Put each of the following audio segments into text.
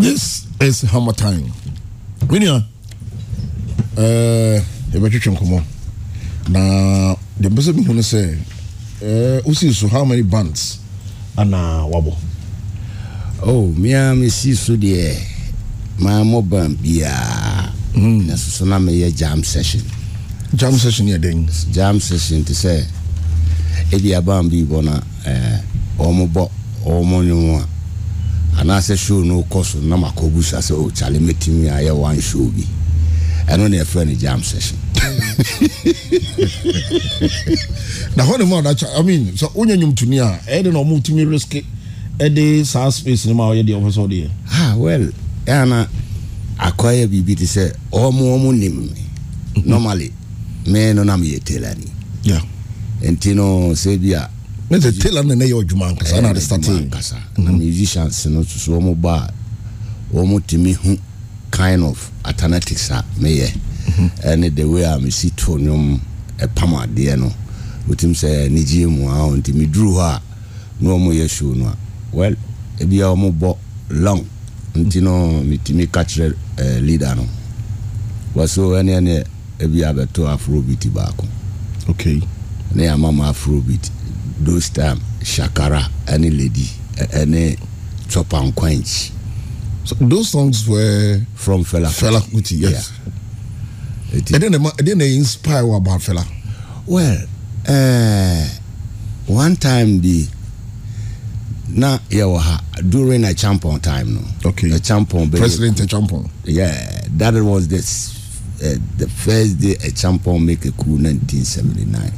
this is hammer time menua yɛbɛtwetwe eh, nkɔmmɔ na deɛ mpɛ sɛ mehu no sɛ eh, wosii so how many bands ana wabɔ oh mea mesii so deɛ maamɔ ban biaa mm. na soso na meyɛ jam session jam session yɛ den jam session te sɛ ɛdi aban bi bɔ na wɔmobɔ eh, wɔmɔ nwomu a anaasɛ show no kɔ so na makɔbu sa sɛ ɔkyale oh, mɛtumi ayɛ one show bi ɛno ne ɛfrɛ no jam session na hɔ ne mu adatwa i mean sɛ wonya nwomtoni a ɛyɛ de na ɔmo tumi ɛde saa space no ma ɔyɛ deɛ ɔpɛ sɛ ɔde yɛ ah well ɛa na akɔyɛ biribi te sɛ ɔmo ɔmo nim me mhm. normally me no na meyɛ telani yeah. nti no sɛ bi a ne de tailor na ne yɛ ɔdwuma nkasa na de start nkasa na musicians no soso wɔn ba a wɔn tumi hu kind of alternatives a meyɛ ɛne mm-hmm. the way a mesi to nnwom ɛpam adeɛ no wotum sɛ anigyeɛ mu a nti meduru hɔ a na wɔn yɛ show no a well ebi a wɔn bɔ long nti no metumi ka kyerɛ ɛɛ leader no wɔso ɛne ɛne ebi abɛto afro bi ti baako. okay ne yà mama afrobeat those time shakara ɛne lady ɛne chop and quench. So those songs were from Fela Fela Kuti yes. Yeah. It, and then they, and inspire about Fela. Well, uh, one time the na yɛwɔ ha during a champon time no. okay a champon. president a champon. yeah that was the uh, the first day a champon make a coup 1979.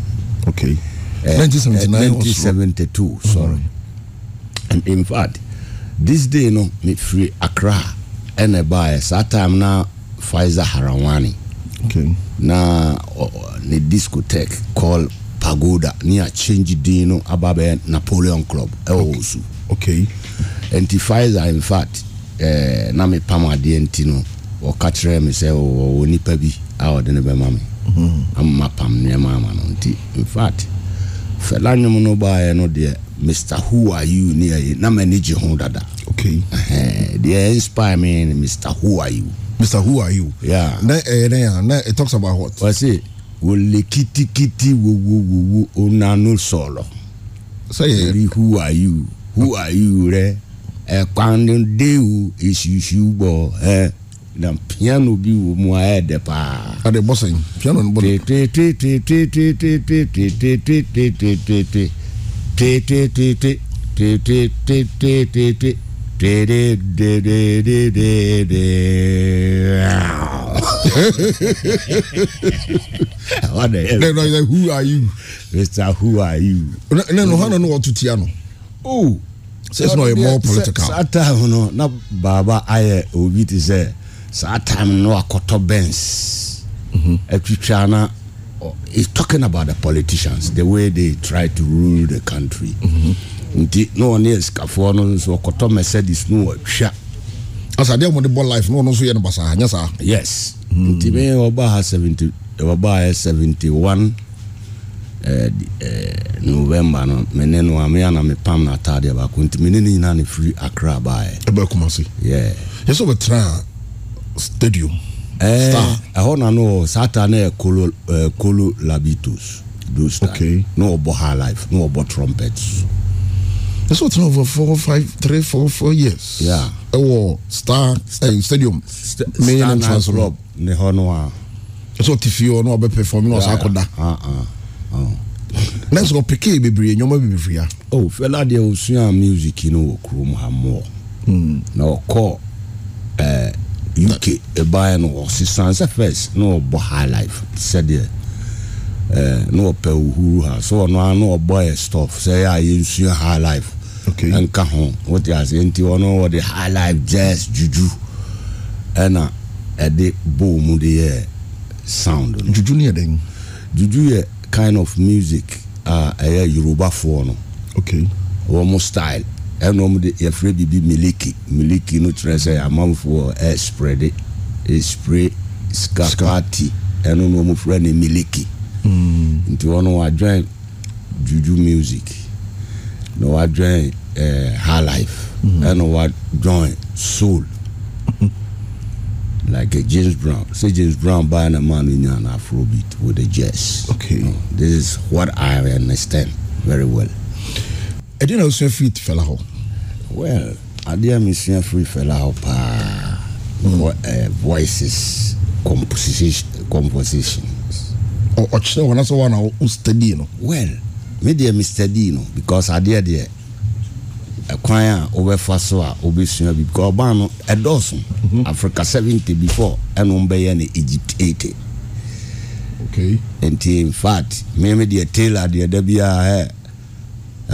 Okay. Uh, 1972 uh, 1972, sorry. Mm-hmm. And in fact, this day, you know, me free Accra and by That time now, Pfizer Harawani. Okay. now uh, the discotheque called Pagoda near change din no ababe Napoleon Club. Eh, okay. okay. And the Pfizer, in fact, eh, na me pam adeɛ nti no wɔka kyerɛ me sɛ wɔwɔ nipa bi a ɔde ne bɛma me mm-hmm. ama pam nneɛma ama no In fact, fela nwom no baeɛ no deɛ mr who are you ne ayi na m'ani gye ho dada okay deɛ inspire me ne mr who are you mr who are you yeah na ɛyɛ eh, na yɛ eh, na it talks about what wɔsi wòle kitikiti wo onanu sɔlɔ sɛyɛ eri who are you who are you rɛ ɛkwando dewu esusu bɔ ɛ. Eh. eh? na piano bi wɔ mu a dɛ paa. a de bɔ sɛn piano ni bɔ de. who are you. mr who are you. ne no hana no wɔtu tia no. o. sɛ sinɔ yɛ mɔ political. sata hono na baaba ayɛ obi ti saa time no akɔtɔ bens mhm. atwitwa na is talking about the politicians the way they try to rule the country mhm. nti na ɔne asikafoɔ no nso ɔkɔtɔ mercedes no wɔatwa asa deɛ ɔmɔde bɔ life na ɔno nso yɛ no basaa nyɛ saa yes mhm. nti me ɔbaa ha 70 ɔbaa yɛ 71 eh, eh, november no mene no a mea na mepam no ataadeɛ baako nti mene ne nyinaa ne firi akra baɛ ɛbɛkumase yɛ sɛ wobɛtraa stadium. ɛɛ ɛhɔ na no sata ne yɛ kolo ɛɛ eh, kolo labitos those time okay. no, ɔbɔ high life no, ɔbɔ trumpet. ɛsɛ ɔtena over four five three four four years. Yeah. ɛwɔ eh, star ɛɛ eh, stadium. St main entrance club ne hɔ no a. ɛsɛ ɔte fie hɔ na ɔbɛ perform na ɔsan akɔda. Ah, ah, ah. nɛsɛ ɔpeke bebree nneɛma bebree a. o oh, fɛla deɛ osua music no wɔ kurom ha mɔ. na ɔkɔ ɛɛ uk ɛbaeɛ no ɔsesan sɛ first na ɔbɔ high life sɛdeɛ ɛɛ eh, na ɔpɛ ohuru ha so ɔno ara na ɔbɔ yɛ stuff sɛ yɛ a yɛnsua high life Okay, nka ho wote ase nti ɔno ɔde high life jazz juju ɛna ɛde bowl mu de yɛ sound no juju ni yɛ dɛn juju yɛ kind of music uh, a ɛyɛ yorubafoɔ no okay wɔn style ɛna wɔn de yɛfrɛ biribi miliki miliki no kyerɛ sɛ amanfoɔ ɛsprɛde ɛspre skapati ɛno na wɔn frɛ no miliki hmm. nti wɔn wadwɛn juju music na wadwɛn ɛɛ eh, high life hmm. ɛna wadwɛn soul like a James Brown. Say James Brown buying a man in an Afrobeat with a jazz. Okay. You know, this is what I understand very well. I didn't know so fit fella home. well adeɛ mesua firi fɛla hɔ paa mm. uh, voices compositions? compositions ɔkyerɛ wɔna sɛ wana wo study no well me deɛ me study no because adeɛ deɛ ɛkwan a wobɛfa so a wobɛsua bi because ɔbaa no ɛdɔɔso mm -hmm. africa 70 before ɛno mbɛyɛ no egypt 80 okay. nti infact meme deɛ tailor deɛ da biaa ɛ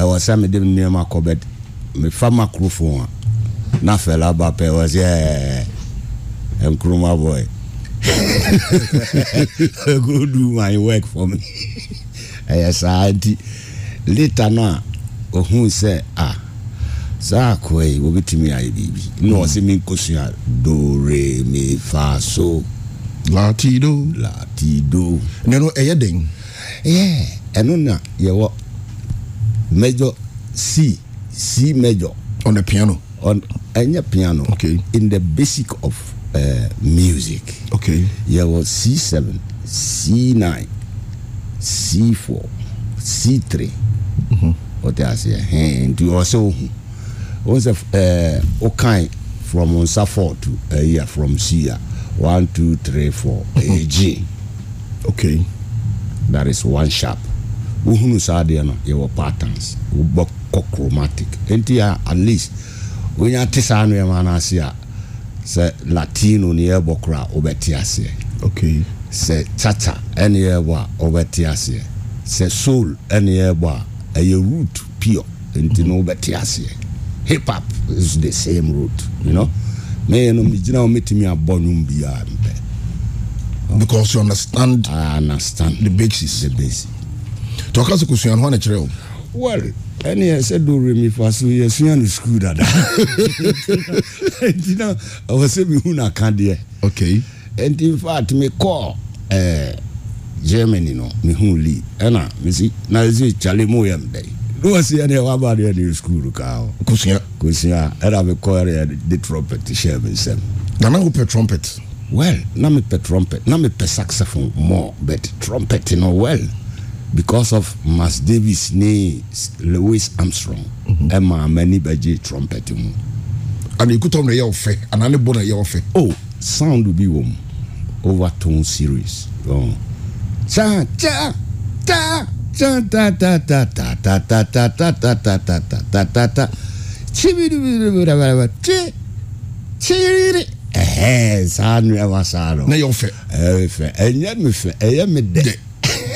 ɛwɔ sɛ mede nneɛma kɔ but fa microphone a na fɛla ba pɛ wɔ sɛ eh, eh, nkuruma boy go do my work for me ɛyɛ saa nti later no ah, eh, hmm. a ɔhu sɛ a saa akɔ yi wɔbɛtumi ayɛ biribi na ɔsɛ do re me fa so latido latido ne no ɛyɛ den ɛyɛ ɛno na yɛwɔ major c C major. On the piano. On any piano. Okay. In the basic of uh, music. Okay. yeah was C seven, C nine, C four, C three. Mm-hmm. What I say? And you also once a okay from onsa to a uh, year from C one two three four A G. Okay. That is one sharp. Wohunu saa deɛ patterns wobɔ kɔ chromatic nti a at least wonya te saa nneɛma no ase a sɛ latino ne yɛbɔ kora wobɛte aseɛ okay. sɛ chacha ɛne yɛbɔ a wobɛte aseɛ sɛ soul ɛne yɛbɔ a ɛyɛ root pio nti no wobɛte aseɛ hip hop is the same root you know meyɛ no megyina wo mɛtumi abɔ nwom biaa mpɛ because you understand, I understand the basis the basis to ɔka sɛ kosua no ne kyerɛ wo well ɛne yɛ sɛ dore mefa so yɛsua no skul dada nti na ɛwɔ sɛ mehu no akadeɛ okay. nti mi mekɔɔ eh, germany no mehu lea ɛna mesi na ɛsi kyale mu yɛ mdɛn ne wɔsi ɛne waba deɛ ne skul kaa hɔ kosua kosua ɛna mekɔ ɛne de trumpet hyɛ me nsɛm nana wopɛ trumpet well na mepɛ trumpet na mepɛ saxophone more but trumpet no well because of mas davis ní louis armstrong ẹ ma àmà ní bàjẹ́ trumpet mu. àná ìkútọ́ mi yẹ ọ̀fẹ́ àná ní bọ́ náà yẹ ọ̀fẹ́. o sound bi wọ mu overtone series ṣá ṣá ṣá ṣá ta ta ta ta ta ta ta ta ta ta ta ta ta ta ta ṣí ṣírírí ẹhẹ sáà nu ẹ wá sáà lọ. ne y'o fɛ. ẹ y'o fɛ ẹ ɲɛ mi fɛ ẹ yẹ mi dẹ. dẹ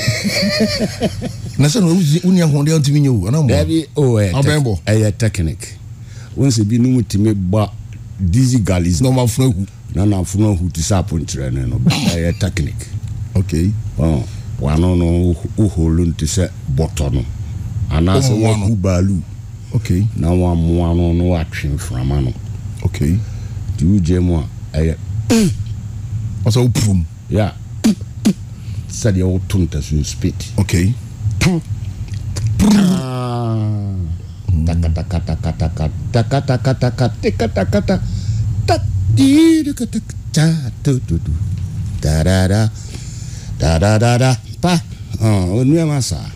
na sɛ woni ahoɔde wotumi nyɛ wo anamdabi oh, ɔbɛbɔ ɛyɛ technic wo sɛ bi nom tumi ba disi galis na ɔmafona ahu na nafono ahu te ne no ɛyɛ technic ok oh, wano no woholo nte sɛ bɔtɔ no anaasɛ wahu baalu ok na wamoa no na watwe mframa no ok nti wogye mu a ɛyɛ ɔsɛ wopurum ya yeah sɛdeɛ woto ntasoɔ spate okay pu onuama saa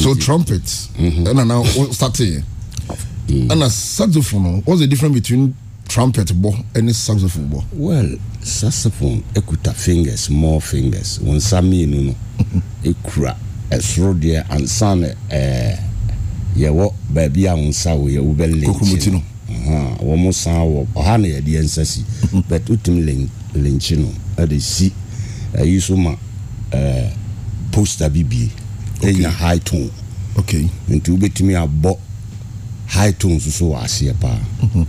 so trumpet ɛna mhm. na starte ɛna mm. saxophone what's the difference between trumpet bɔ ɛne saxophone bɔ. well saxophone ekuta fingers small fingers wọn nsa mmienu no ekura ɛsoro deɛ ansan ɛɛ yɛwɔ baabi a wọn nsa wɔ yɛwɔ bɛ lɛnkyɛn kokoromuti no wɔn san wɔ ɔha na yɛde yɛn nsa si but otum lɛnkyi no ɛde si ɛyi so ma ɛɛ poster bi bie ɛnya high tone nti wobɛtumi abɔ high tone nso wɔ aseɛ paa. Mm -hmm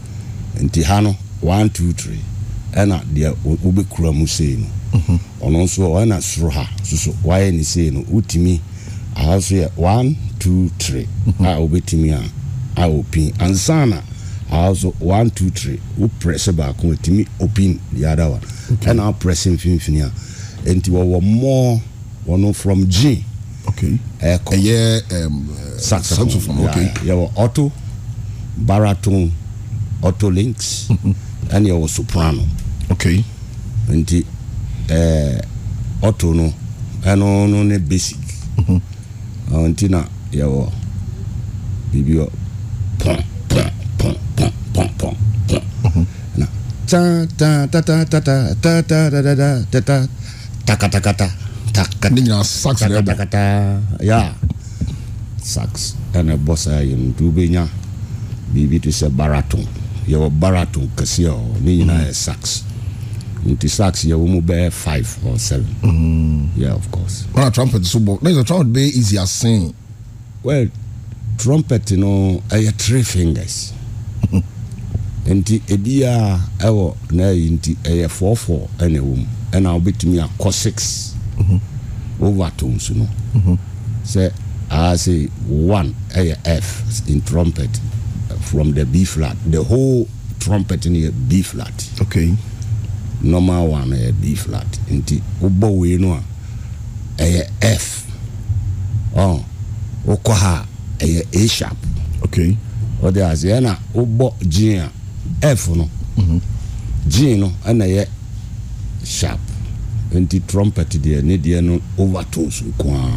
nti ha no one two three ɛna deɛ wobɛkura mu sei no mhm. ɔno nso ɛna soro ha soso wayɛ ne sei no wotumi aha so yɛ one two three mhm. a wobɛtumi a a opin ansa na aha so one two three woprɛsɛ baako otumi opin the other one ɛna aprɛsɛ mfimfini a nti wɔwɔ mmɔɔ wɔno from G okay ɛyɛ um, uh, saxophone okay yɛwɔ auto baratone auto links ɛne ɛwɔ soprano okay nti ɛɛ eh, auto no ɛno no ne basic mhm. ah, nti na yɛwɔ biribi wɔ pɔn pɔn pɔn pɔn pɔn pɔn pɔn mhm. na ta ta ta ta ta ta ta ta ta ta ta ta ta takatakata takata ne nyinaa sax ta ta ta ya sax ɛna ɛbɔ saa yɛ ta ta ta biribi ta sɛ baraton yɛwɔ baraton kɛseɛ hɔ ne nyinaa yɛ sax nti sax yɛwɔ mu bɛyɛ five or seven mm. yeah of course. wọn na trumpet so bɔ ne sɛ trumpet bɛ easy asin. well trumpet no ɛyɛ three fingers nti ebi a ɛwɔ n'ayi nti ɛyɛ four four ɛna ɛwɔ mu ɛna wobɛtumi akɔ six mm -hmm. over tones no mm -hmm. sɛ aase one ɛyɛ f in trumpet from the B flat. The whole trumpet in a B flat. Okay. Normal one a eh, B flat. Nti wobɔ we no a eh, eh, F. Oh, wokɔ ha A sharp. Okay. Ɔde ase ɛna wobɔ G F no. Mm-hmm. G no ɛna ɛyɛ sharp. Nti trumpet deɛ ne deɛ no overtones nkoaa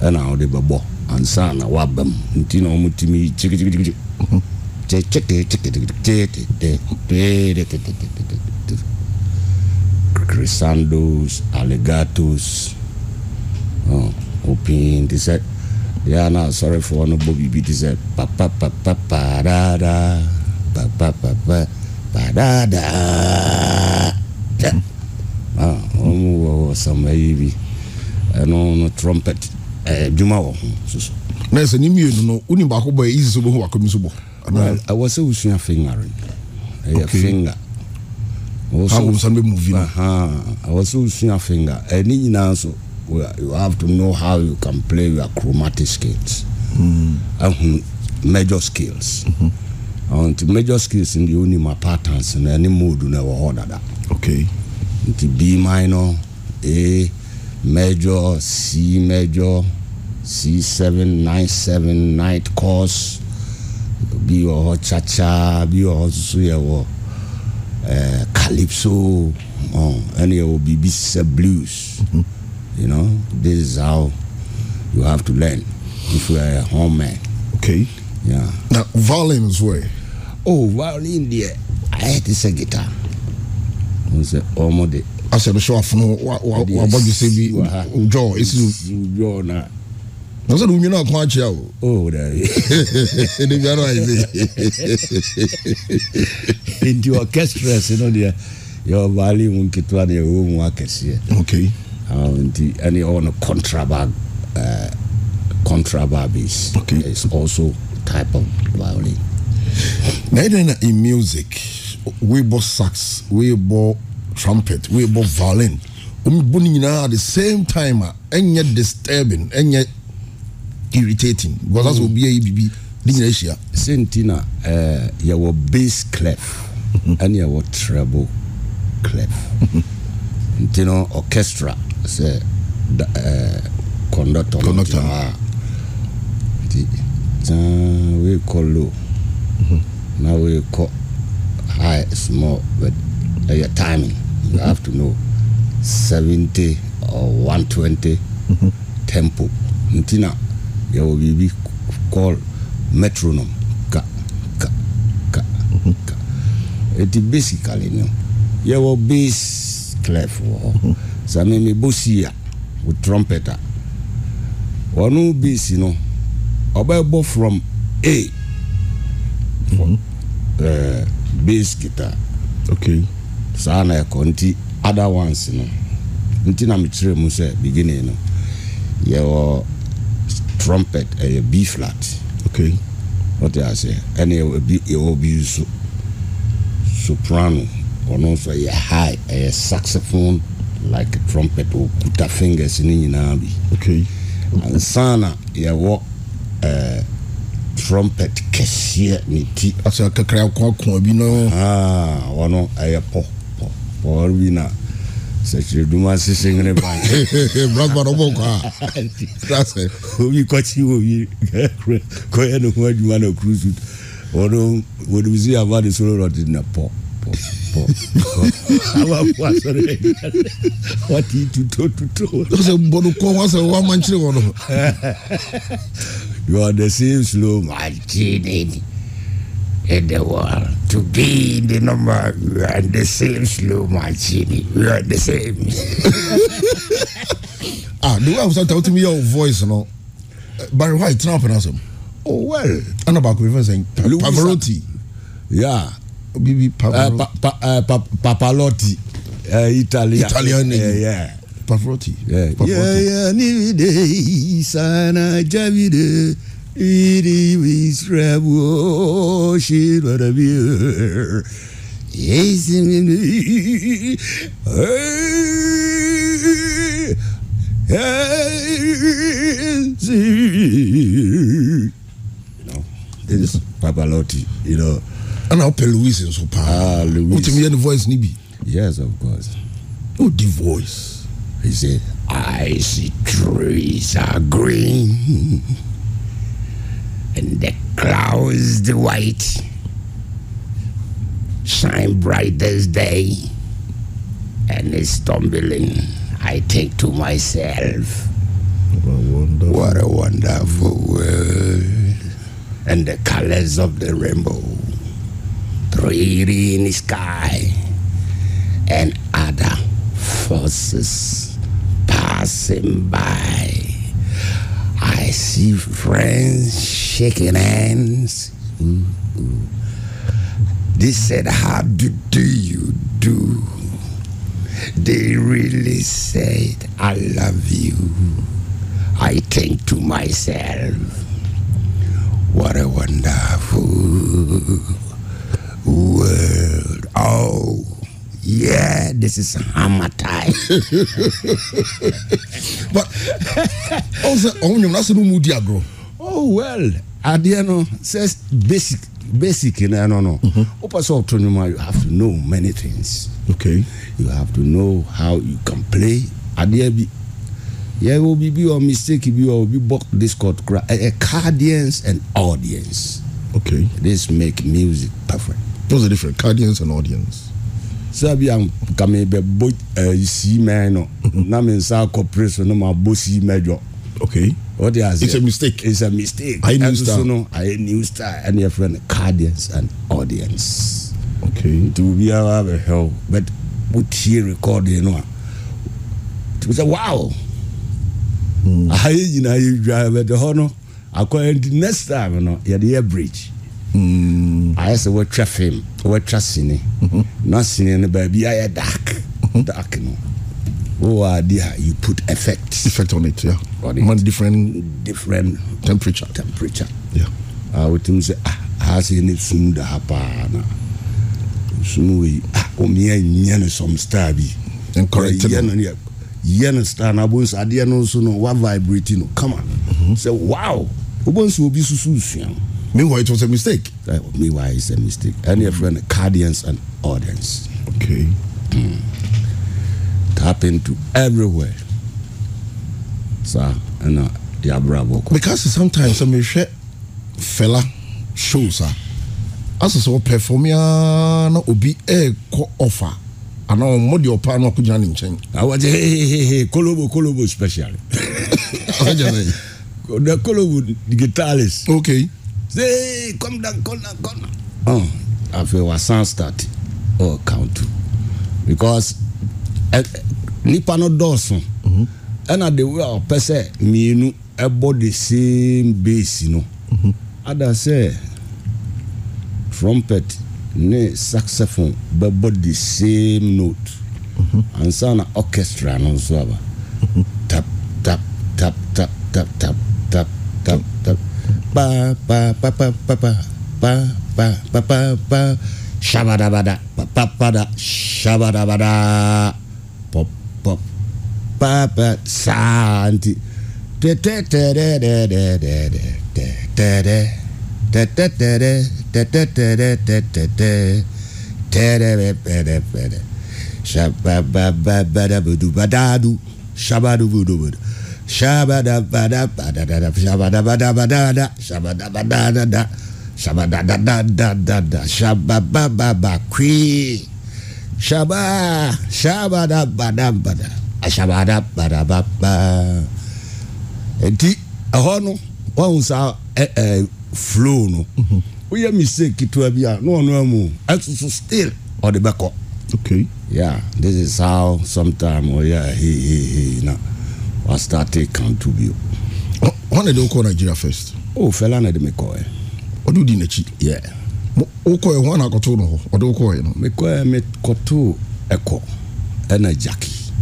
ɛna wɔde bɛbɔ ansa na wabam nti na wɔn timi kyikyikyikyi. Crescendos, allegatos. Oh, open ti sẹ yà náà sọrọ fún ọ ní bó bìbí ti sẹ pàpà pàpà pàdáàdà pàpà pàpà pàdáàdà wọn mú wọ sàmúlẹ yìí bi ẹnu trumpet. dwuma eh, wɔ ho soso. na ɛsɛ eh, ni mmienu no wuni baako bɔ easy so bɔ ho so bɔ. ɛwɔ sɛ wosua fingering ɛyɛ finger. awo bɛ muvi na. ɛwɔ sɛ wosua finger ɛni nyinaa so you have to know how you can play your chromatic skills ɛhun hmm. major scales. nti major skills ni o ni ma patterns na ɛni mode na ɛwɔ hɔ dada. nti b minor a. major C major C797 night course bi wɔ cha cha bi wɔ hɔ soso yɛ wɔ ɛɛ calypso ɔn ɛni yɛ wɔ bibi sɛ blues mm-hmm. you know this is how you have to learn if you are a home man. okay. yeah. na violins wey. oh violin deɛ ayɛ ti sɛ guitar n sɛ ɔmo de asɛ do so afono wabɔ dwesɛ bi wodwɔ ɛsi so na sɛ de wonwene ako akyea o ɛne oh, bia no ayɛsɛ nti ɔkɛstress no deɛ yɛɔbaale mu nketewa ne yɛwɔ mu akɛseɛ nti ɛne ɔwɔ no contrabag uh, eh, is also type of violin na ɛdɛn na in music weebɔ sax weebɔ trumpet wɔrebɔ violin wɔn um, bu ne nyinaa at the same time a ah, ɛnyɛ disturbing ɛnyɛ irritating because asɛ obi ayi bibi ne nyinaa ahyia. se nti na ɛɛ yɛwɔ bass clef ɛna yɛwɔ treble clef nti no orchestra sɛ da ɛɛ eh, conductor conductor aa ah. nti taa wei kɔ low mm-hmm. na wei kɔ high small uh, your timing. You mm-hmm. have to know 70 or 120 mm-hmm. tempo. Nti na yɛwɔ biribi call metronome ka ka ka mm-hmm. ka eti basically no yɛwɔ bass clef wɔ hɔ sami mi bo si a o trumpet a wɔn bass no ɔbɛbɔ from a for mm-hmm. ɛɛ uh, bass guitar. Okay saa na ɛkɔ nti other ones no nti na mekyerɛ mu sɛ beginning no yɛwɔ trumpet ɛyɛ b flat okay wɔte aseɛ ɛna yɛwɔ bi yɛwɔ soprano ɔno nso ɛyɛ high ɛyɛ saxophone like trumpet okuta fingers ne nyinaa bi okay ansa na yɛwɔ eh, trumpet kɛseɛ ne ti kakra akoakoa bi no ah, ɔno ɛyɛ pɔ pɔɔre bi na sɛkyerɛ duma seseŋere ban brakbar wobɔ o a obi kɔkyi obi kɔyɛ ne ho adwuma na o sut o wɔdem si aba de soro rɔte na pɔ sɛ bɔno kɔ wa sɛ woamankyere wɔ no you are the same slow martinini in the world. To be the number, and the same slow machine. We are the same. ah, the way I was talking to your voice, you know. Uh, Barry White, try to pronounce him. Um. Oh, well. I know about even saying Pavarotti. Yeah. Bibi Pavarotti. Uh, pa, pa, uh, pa, Papalotti. Uh, Italian. Italian. Yeah, yeah. Pavarotti. Yeah, Pavarotti. yeah, yeah. Nivide, sana, javide. Iri visravo shivaravir. Yesimini. You know, this is Papalotti, you know. And how Louis is so Ah, Louis. What do you voice, Nibi? Yes, of course. Oh, the voice. He said, I see trees are green and the clouds the white shine bright as day and it's stumbling i think to myself what a wonderful, what a wonderful world and the colors of the rainbow really in the sky and other forces passing by I see friends shaking hands. They said, How do, do you do? They really said, I love you. I think to myself, What a wonderful world. Oh, yeah, this is hammer time. but also, only that's no moody agro. Oh well, Adiano says basic, basic. No, no, no. Mm-hmm. Opa you have to know many things. Okay, you have to know how you can play. Adiabi. Yeah, will be your mistake if you will be book this called a cardians and audience. Okay, this make music perfect. What's the difference? Cardians and audience sɛbi a ka mi bɛ bɔ ɛɛ eh, siimɛ nɔ mhm. na mi nsa kɔpere so ma bɔ siimɛ jɔ. okay o de y'a it's a mistake it's a mistake a ye new star ɛnso no new star ɛni yɛ fɛn cardians and audience. okay nti o biara bɛ hɛ o but o tie record yɛ no a o sɛ wow hmm. a ye nyinaa ye dwa bɛ de hɔ no akɔ ɛnti next time no yɛ de yɛ bridge ayɛ sɛ wɔatwa fam wɔatwa sini na sini no baabi ayɛ dark mm-hmm. dark no wowɔ ade you put effect effect on it yeah on it. one different different temperature temperature yeah uh, wotumi sɛ ah aha sɛ ne sum da ha paa na sum wei ah nyɛ oh, no some star bi yɛ no yɛ yɛ no star na bonsu adeɛ no nso no wa vibrating? no come on. Mm-hmm. sɛ wow wobɛnsu obi susu sua no meanwhile it was a mistake. Uh, meanwhile it's a mistake Any yɛfrɛ no cardians and audience okay. mm. tap into everywhere saa ɛna yɛabrɛ abɔkɔ because sometimes some mehwɛ fella, shows a asɛ sɛ wɔperform a na offer ɛɛkɔ ɔfa anaa ɔmmɔ deɛ ɔpa no akɔgyina ne nkyɛn awɔgye kolobo kolobo special the kolobo guitarist okay say come down come down come down. ọ̀n oh, àfẹwà sound start oh, count because eh, nipa no dọ̀ọ̀sùn ɛna mm-hmm. de wura ɔpɛ sɛ mmienu ɛbɔ de same bass no mm-hmm. ada sɛ trumpet ne saxophone bɛbɔ de same note mm-hmm. ansa na orchestra no nso tap tap tap tap tap tap tap tap tap. ba ba ba ba ba ba ba ba ba ba ba shabadabada ba ba ba da shabadabada pop pop ba ba santi de de de de de de de de de de Shabba ba ba ba da ba do ba da do Shabba do do do shabadabadabadabadabadabada shabadabadadada shabadadadadada shababababa kwii shaba shabadabadabada ashabadabadababa nti ɛhɔ no wɔn sa ɛ ɛ flow no woyɛ mistake ketewa bi a na ɔno amu ɛsoso still ɔde bɛkɔ okay yeah this is how sometimes wɔyɛ hei hei hei na. No. I started can to be. When did you call Nigeria first? Oh, fella, na de me call. What do you do? Yeah. Wokɔ yɛ hɔn na akɔto no hɔ ɔde wokɔ yɛ no. Mekɔ yɛ mekɔto ɛkɔ ɛna Jackie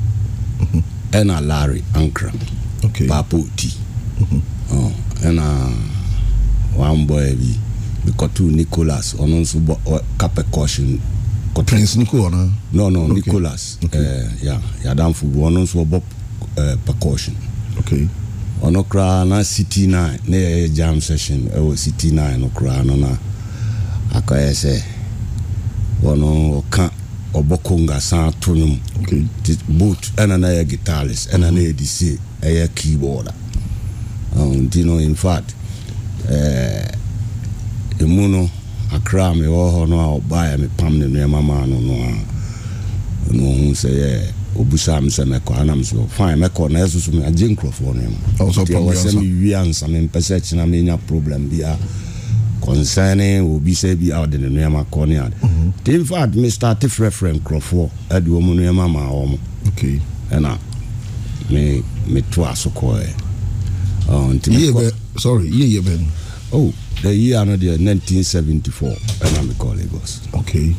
ɛna mm-hmm. Larry Ankram. Okay. Papo Oti. Ɔ ɛna one boy bi mekɔto Nicholas ɔno nso bɔ kapɛ caution kɔtɔ. Prince Nicholas. No no okay. Nicholas ɛɛ eh, yadamfo ɔno nso ɔbɔ. Uh, percaution ɔno koraa na ct 9 ne yɛyɛ jam session ɛwɔ ct 9 no koraa no na akɔyɛ sɛ wɔno ɔka ɔbɔ konga san to no mu nti boot ɛna na yɛ guitarist ɛna na yɛ se ɛyɛ keyboarda nti no in fact ɛmu no akra mewɔ hɔ no a ɔbaeɛ mepam ne maa no no a ɔno ɔhu sɛ yɛ obusa mi sɛ mɛkɔ ana mi sɛ fain mɛkɔ na ɛsoso mi agye nkurɔfoɔ no mu nti ɛwɔ sɛ mi wi ansa mi mpɛ sɛ kyena mi nya problem bi a concerning obi sɛ bi a ɔde ne nneɛma kɔ ne ade mhm. te in fact mi frɛfrɛ nkurɔfoɔ ɛde wɔn nneɛma ma wɔn ɛna mi mi to aso kɔɛ ɔn ti mi kɔ sorry yie yɛ bɛ oh the year ano deɛ nineteen seventy four ɛna mi kɔ lagos okay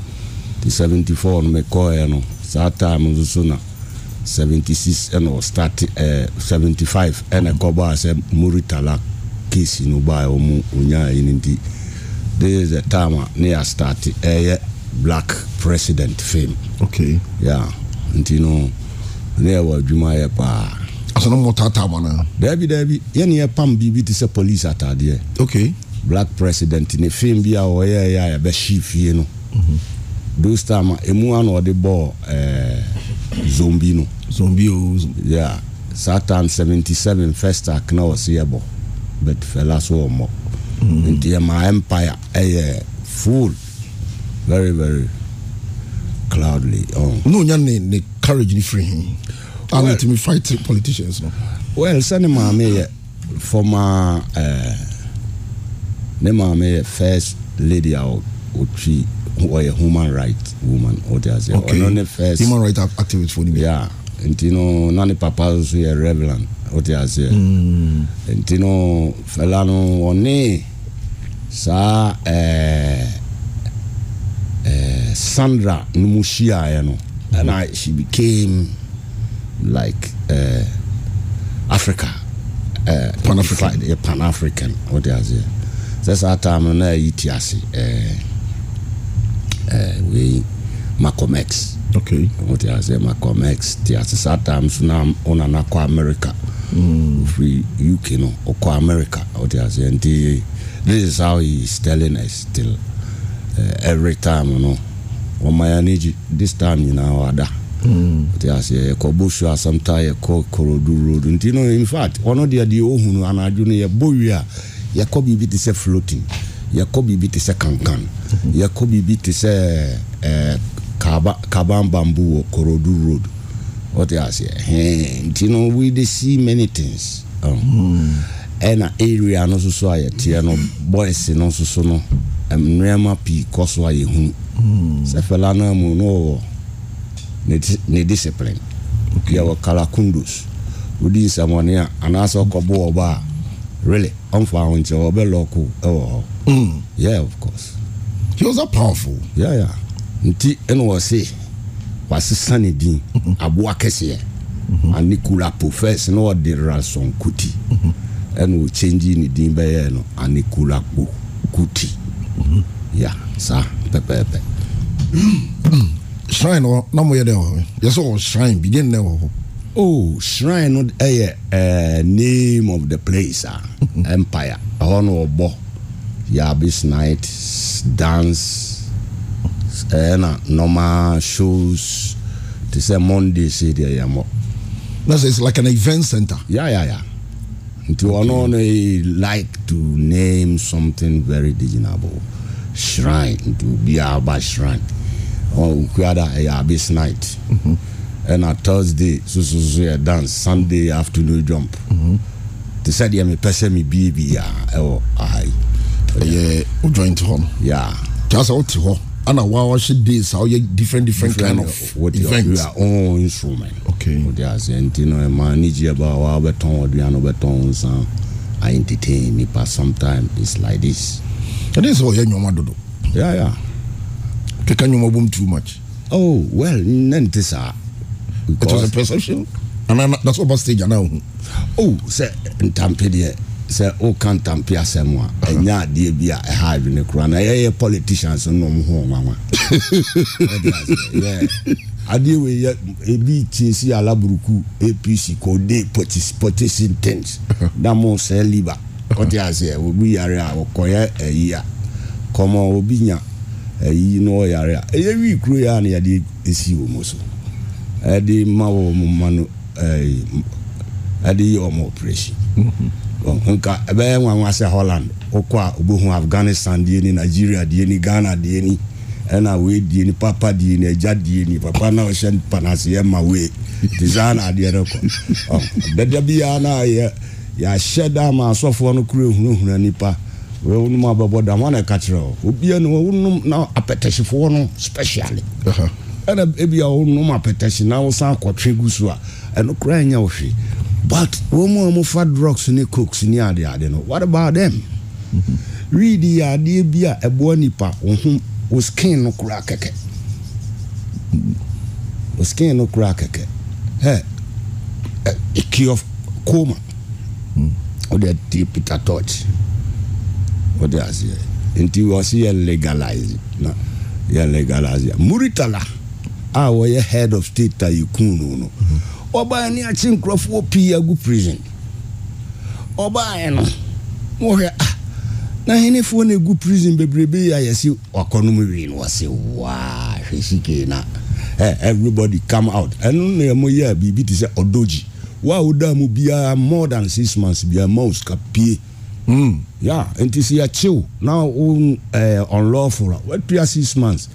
ti seventy four no mi kɔ yɛ no saa time nso na six ɛna ɔstart ɛɛ five ɛna ɛkɔbɔ a sɛ muritala case no ba a wɔn onyaa yi ne this is the time a ne yɛ start ɛyɛ black president fame. okay yeah nti no ne yɛ wɔ adwuma yɛ paa. asana mo taataa ma na. dabi dabi yanni yɛ pam biribi ti sɛ police ataadeɛ. okay black president ne fame bi a ɔyɛ yɛ a yɛ bɛ si fie no. Mm -hmm those time emu ano ɔde bɔ ɛɛ eh, zombi no. zombi o zombi. yeah saa time seventy seven first act na ɔsi yɛ bɔ but fɛla so ɔmɔ. Mm. Mm-hmm. nti ɛma empire ɛyɛ full very very cloudly. Oh. n'o nya ne ne courage ni firi hin a na ti fight politicians no. well sani maame yɛ former ɛɛ eh, ne maame yɛ first lady a o twi wɔ yɛ human right woman o ti a se ɔno ne first human right activist fo ni bi ya nti no na ne papa nso yɛ revelant o ti a se nti no fɛla no ɔne saa ɛɛ ɛɛ sandra numu hyia yɛ no ɛna hmm. she became like ɛɛ uh, eh, africa ɛɛ uh, eh, pan african pan african o ti a se sɛ saa time no na yɛ yi ti ase ɛɛ. Uh, Eh, we Malcolm X okay wote asɛ Malcolm X te ase saa times na wonana kɔ America ofiri mm. UK no ɔkɔ America wote asɛ nti this is how he is telling us till uh, eh, every time no ɔmaya no gye this time nyinaa wada wote aseɛ yɛkɔ bosua asɛmta yɛkɔ korodu road nti no in fact ɔno deɛ deɛ ɔhu no anadwo no yɛbɔ wie a yɛkɔ biribi te sɛ floating yɛkɔ biribi te sɛ kankan yɛkɔ biribi te sɛ eh, kaba kaban bambu wɔ korodu road wɔte aseɛ nti no we de see many things um, ɛna area no soso a yɛteɛ no boys no soso no nneɛma pii kɔ so a yɛhu mm. no mu no wɔwɔ ne, discipline okay. yɛwɔ kalakundos wodi nsɛmɔne a anaasɛ ɔkɔbo ɔba a really ọmfọ ahụ nkyɛn wọ ọbɛ lọọkụ ɛwɔ yeah of course he was that powerful yeah yeah nti ɛna wɔsi wasesa ne din mm-hmm. aboa kɛseɛ mm-hmm. ani kura profess na ɔde rason kuti ɛna mm-hmm. o change ne din bɛyɛ no ani kura po kuti ya saa pɛpɛɛpɛ. Hmm. Hmm. shrine wɔ na mo yɛ dɛ wɔ yɛ sɛ shrine bi gye nnɛ wɔ hɔ oh shrine no ɛyɛ eh, ɛɛ eh, name of the place ah empire ɛhɔ no ɔbɔ yabis night dance ɛna eh, normal shows te sɛ monday se deɛ yɛ mɔ. na it's like an event center. ya ya ya nti ɔno no he like to name something very reasonable shrine nti obiara ba shrine ɔn okuada ɛyɛ abis night. Mm -hmm. and on Thursday, so so yɛ dance Sunday afternoon jump. Te sɛ deɛ mepɛ mi bie bi a ɛwɔ aha yi. Ɛyɛ o joint hɔ no. Yaa. Kya sɛ o te hɔ ana wa day se different different kind of event. You are all instrument. Okay. O de ase nti no ɛma ni jɛ ba wa bɛ tɔn I entertain nipa sometimes it's like this. Ɛde sɛ ɔyɛ nyɔma dodo. yeah yeah Keka nyɔma bom too much. Oh well, nne n Because it was a perception. And I'm, that's what stage now. Oh, sɛ ntampe deɛ sɛ woka ntampe asɛm a uh-huh. ɛnya adeɛ bi a ɛha adwene kora na ɛyɛyɛ politicians nom ho nwanwa adeɛ wei yɛ ebi tiesi alaburuku apc kɔde potisin tent uh-huh. na mo sɛ liba uh-huh. ɔte aseɛ obi yare a ɔkɔyɛ ayi a kɔmɔ obi nya ayi na ɔyare a ɛyɛ wi kuro yɛ a na yɛde esi wɔn so. ɛde ma wɔ mo ma no ɛde eh, yɛ mm-hmm. ebe operation nka ɛbɛyɛ nwanwa sɛ holland a afghanistan deɛ ni nigeria deɛ ni ghana deɛ ni ɛna eh, die ni papa die ni ɛgya die ni papa na ɔhyɛ panaseɛ ma wee te saa na adeɛ no kɔ biara na yɛ yɛahyɛ da ma asɔfoɔ no kura ehunahuna nipa abɛbɔ wɔn na ɛka kyerɛ o na apɛtɛsifoɔ no specially. Uh ɛna ebi a wɔnom apɛtɛsi na wɔsan akɔtwe gu so a ɛno kora ɛnyɛ wɔhwe but wɔn mu a wɔfa drugs ne cokes ne adeade no what about them mhm. read yɛ adeɛ bi a ɛboa nipa wɔn ho wɔn skin no kora kɛkɛ mhm. wɔn skin no kora kɛkɛ ɛ ɛ key of coma mhm. wɔde ti peter torch wɔde aseɛ nti wɔsi yɛ legalize na yɛ legalize muritala a ah, wɔyɛ head of state a yɛkuu no no ɔbaa mm-hmm. ne akye nkurɔfoɔ pii agu prison ɔbaaɛ eh, no wohwɛ a ah, na henefoɔ no ɛgu prison bebrebe yi a yɛse wakɔ no mu waa hwɛ sikei na hey, eh, everybody come out ɛno eh, na ɛmo yɛ a biribi te sɛ ɔdogyi wa a woda mu biara more than six months biara ma wo pie mm. ya yeah, nti sɛ yɛkyew na wo uh, unlawful a watua six months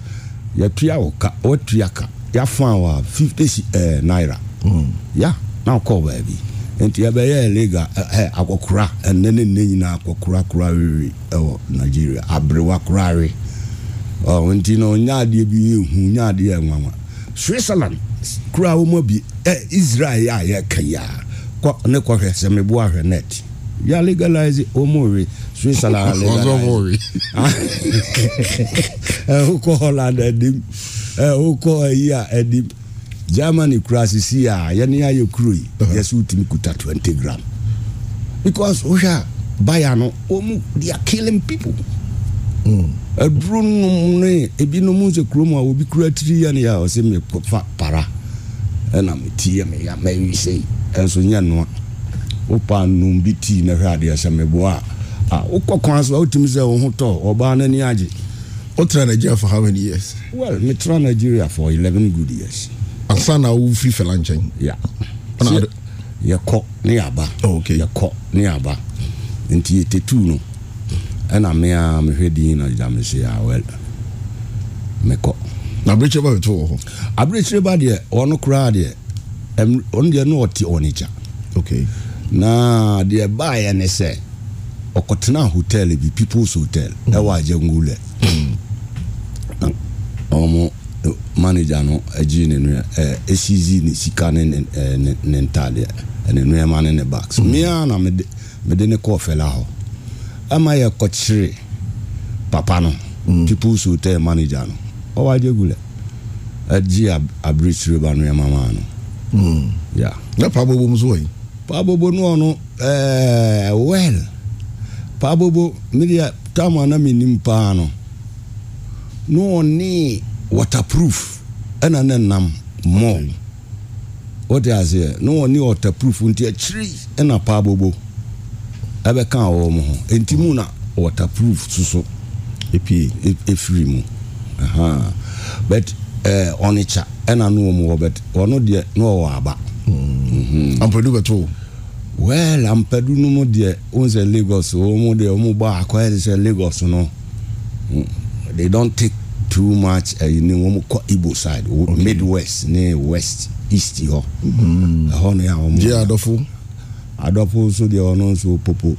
yɛtua wo ka ya ka 50 eh, naira mm. ya na wokɔ baabi nti yɛbɛyɛ lega eh, eh, akɔkora ɛnɛ ne nne nyinaa akɔkora kora wewe ɛwɔ nigeria aberewa kora we nti no nya bi yɛhu nya adeɛ switzerland kora ma bi israel yɛ a ne kɔhwɛ sɛ meboa hwɛ net You are legalizing omori, Switzerland. Omori. Wokɔ Holland ɛdim, wokɔ ɛyi a ɛdim. Germany kura sisi a yɛne ayɛ kuro yi, yɛsɛ wotumi kuta twenty gram. Because wohwɛ a baya no, wɔn they are killing people. Aduro nom ne ebinom nso kurom a obi kura tiri yɛ ne yɛ a ɔsɛ mi fa para ɛna eh, mi ti yɛ mi yɛ mɛ yi sɛ yi eh, ɛnso nyɛ noa. wopa nnom bi tii na hwɛ adeɛ sɛ meboa a wokɔ kwan so a wotumi sɛ wo ho tɔ ɔbaa no ani agye wotra nigeria for how many years well metra nigeria for 11 good years ansa na wofiri fɛla nkyɛn ya yɛkɔ ne yɛaba oh, yɛkɔ ne yɛaba nti yɛtɛtuu no ɛna mea mehwɛ din na gya se a wel. mekɔ na ba wɔ hɔ ba deɛ ɔno koraa deɛ ɔno deɛ ne ɔte okay na deɛ baayɛ ne sɛ ɔkɔtena hotel bi people's hotel ɛwɔ agyangulɛ na ɔmo manager no agyi ne nua ɛɛ esizi ne sika ne ne ɛɛ ne ɛne nneɛma ne ne bags hmm. mmea na mede mede ne kɔɔ fɛla hɔ ama yɛ kɔkyere papa no hmm. people's hotel manager no ɔwɔ agyangulɛ agyi abirikyiri ba nneɛma maa no. Hmm. ya. na pa bɔ bɔ mu so wɔ yi. pabobo no ɔno ɛɛ eh, well pabobo media tam a na menim paa no na ɔne waterproof ɛna ne nam mall wote aseɛ na ɔne waterproof nti akyiri ɛna paabobo ɛbɛka wɔ mu ho ɛnti mu na waterproof soso ɛpie efiri mu but ɔne kya ɛna no wɔ mu hɔ but ɔno deɛ na ɔwɔ aba Mhm. ampadu bɛto well ampadu no mu deɛ wɔn sɛ lagos wɔn mu deɛ wɔn bɔ lagos no mm. they don take too much ɛyi eh, ni kɔ igbo side okay. midwest ne west east hɔ mm-hmm. ɛhɔ no yɛ a wɔn. adɔfo. adɔfo nso deɛ ɔno nso popo.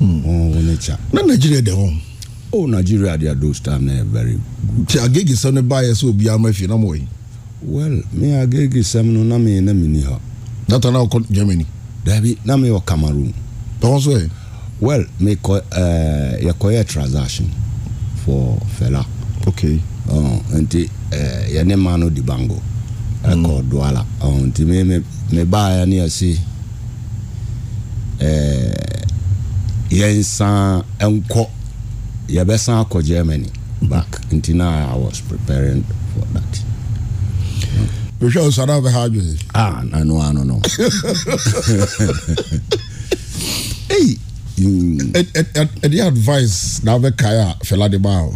wɔn hmm. ne na nigeria de oh nigeria na very good. ti agege ne ba yɛ sɛ fi na mo na na ni data na wokɔ germany dabi na meyɔ cameroon pɛwɔ so ɛ well mekɔ uh, yɛkɔyɛ transaction for fela okay oh, uh, nti uh, yɛne ma no di bango ɛkɔ mm. duala uh, oh, nti me me me baayɛ ne yɛsi uh, yɛnsan nkɔ yɛbɛsan akɔ germany back mm-hmm. nti na i was preparing for that mehwɛ osana bɛha adwene ah nano ano no ei ɛde advice now wobɛkae a fela de maa o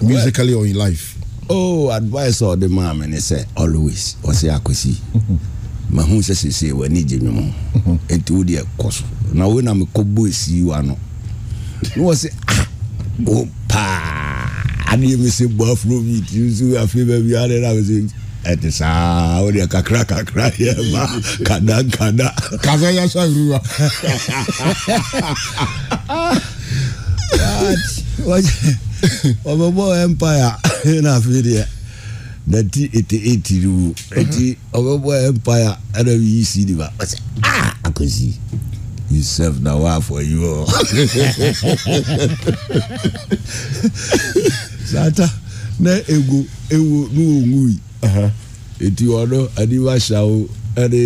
musically or in life oh advice the a ɔde maa me ne sɛ always ɔsɛ akɔsi mahu sɛ sesee w'ani gye nwom ɛnti wodeɛ kɔ so na wei na mekɔbɔ asii wa no na wɔ sɛ ah wo paa adeɛ me sɛ bɔ afrobeat nso afei baabiaa ne I mesɛ ɛte saa wodeɛ kakra kakra yɛ ma kada kada kasa yɛsa ruwa ɔbɛbɔ empire na afei deɛ 1988 wo ɛti ɔbɛbɔ empire ɛna wiyi si de ba ɔsɛ ah akɔsi serve na wa for you all. sata na ego ewo n'owó yi. Uh-huh. eti ɔno aniwa hyawo ɛne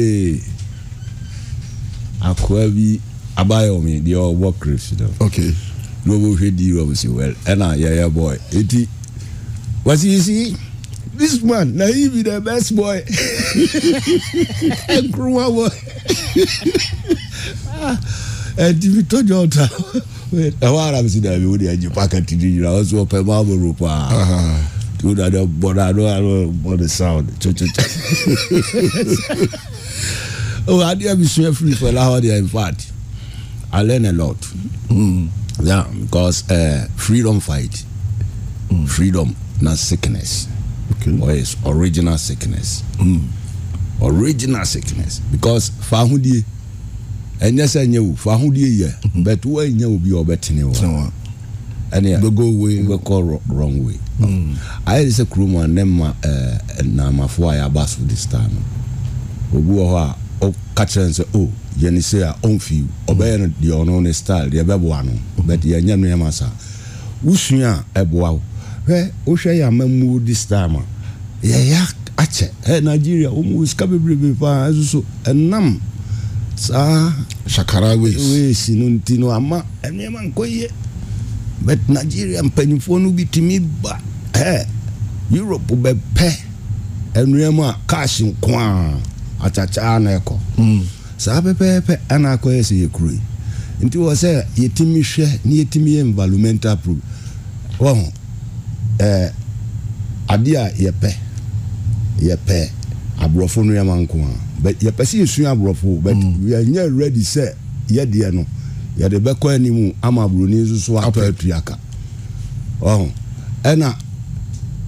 akoa bi abayomi deɛ ɔbɔ krips no na ɔbɛhwɛ di wɔ si wɛl ɛna yɛyɛ bɔy eti wɔsi yi si this man na he be the best boy nkuruwa boy ɛti eh, bi tɔjɔ ta ɛwɔ arabisi dàbí wọ́n di ẹ̀jẹ̀ pàkàtì nìyí ra ọ̀sùn ọ̀pẹ̀ máa bọ̀ rò pa no that no but I know I know about the sound cho cho cho oh I didn't be swear free for how they in fact I learn a lot mm. yeah because uh, freedom fight mm. freedom not sickness okay or it's original sickness mm. original sickness because fahudie ɛnyɛ sɛ nyɛ wo fahudie yɛ hmm. but wɔnyɛ obi a ɔbɛtene wɔ ɛne bɛgo wei bɛkɔ wrong way hmm. ayɛ de sɛ kurom a ne ma namafoɔ a yɛaba so this time no obi wɔ hɔ a ɔka kyerɛ no sɛ o oh, yɛne se a ɔmfi hmm. ɔbɛyɛ no deɛ ɔno ne style deɛ ɛbɛboa no hmm. but yɛnyɛ no yɛma sa. wosua a ɛboa wo hwɛ wohwɛ yɛ amamuo this time a yɛyɛ akyɛ ɛ nigeria wɔmu sika bebrebe paa ɛso so ɛnam saa shakara ways ways no nti no ama nneɛma nkɔ yie but nigeria mpanyinfoɔ no bi tumi ba ɛ europe bɛpɛ nnua mu a cash nko a akyakyaa na ɛkɔ mm. saa pɛpɛɛpɛ ana akɔyɛ sɛ yɛ kuro yi nti wɔ sɛ yɛtumi hwɛ ne yɛtumi yɛ environmental pro wɔn ɛɛ adeɛ a yɛpɛ yɛpɛ aborɔfo nneɛma nko a but yɛpɛ sɛ yɛsua aborɔfo but mm. yɛnyɛ ready sɛ yɛdeɛ no yɛde bɛkɔ anim ama buroni nso so atɔ atuaka ɔho ɛna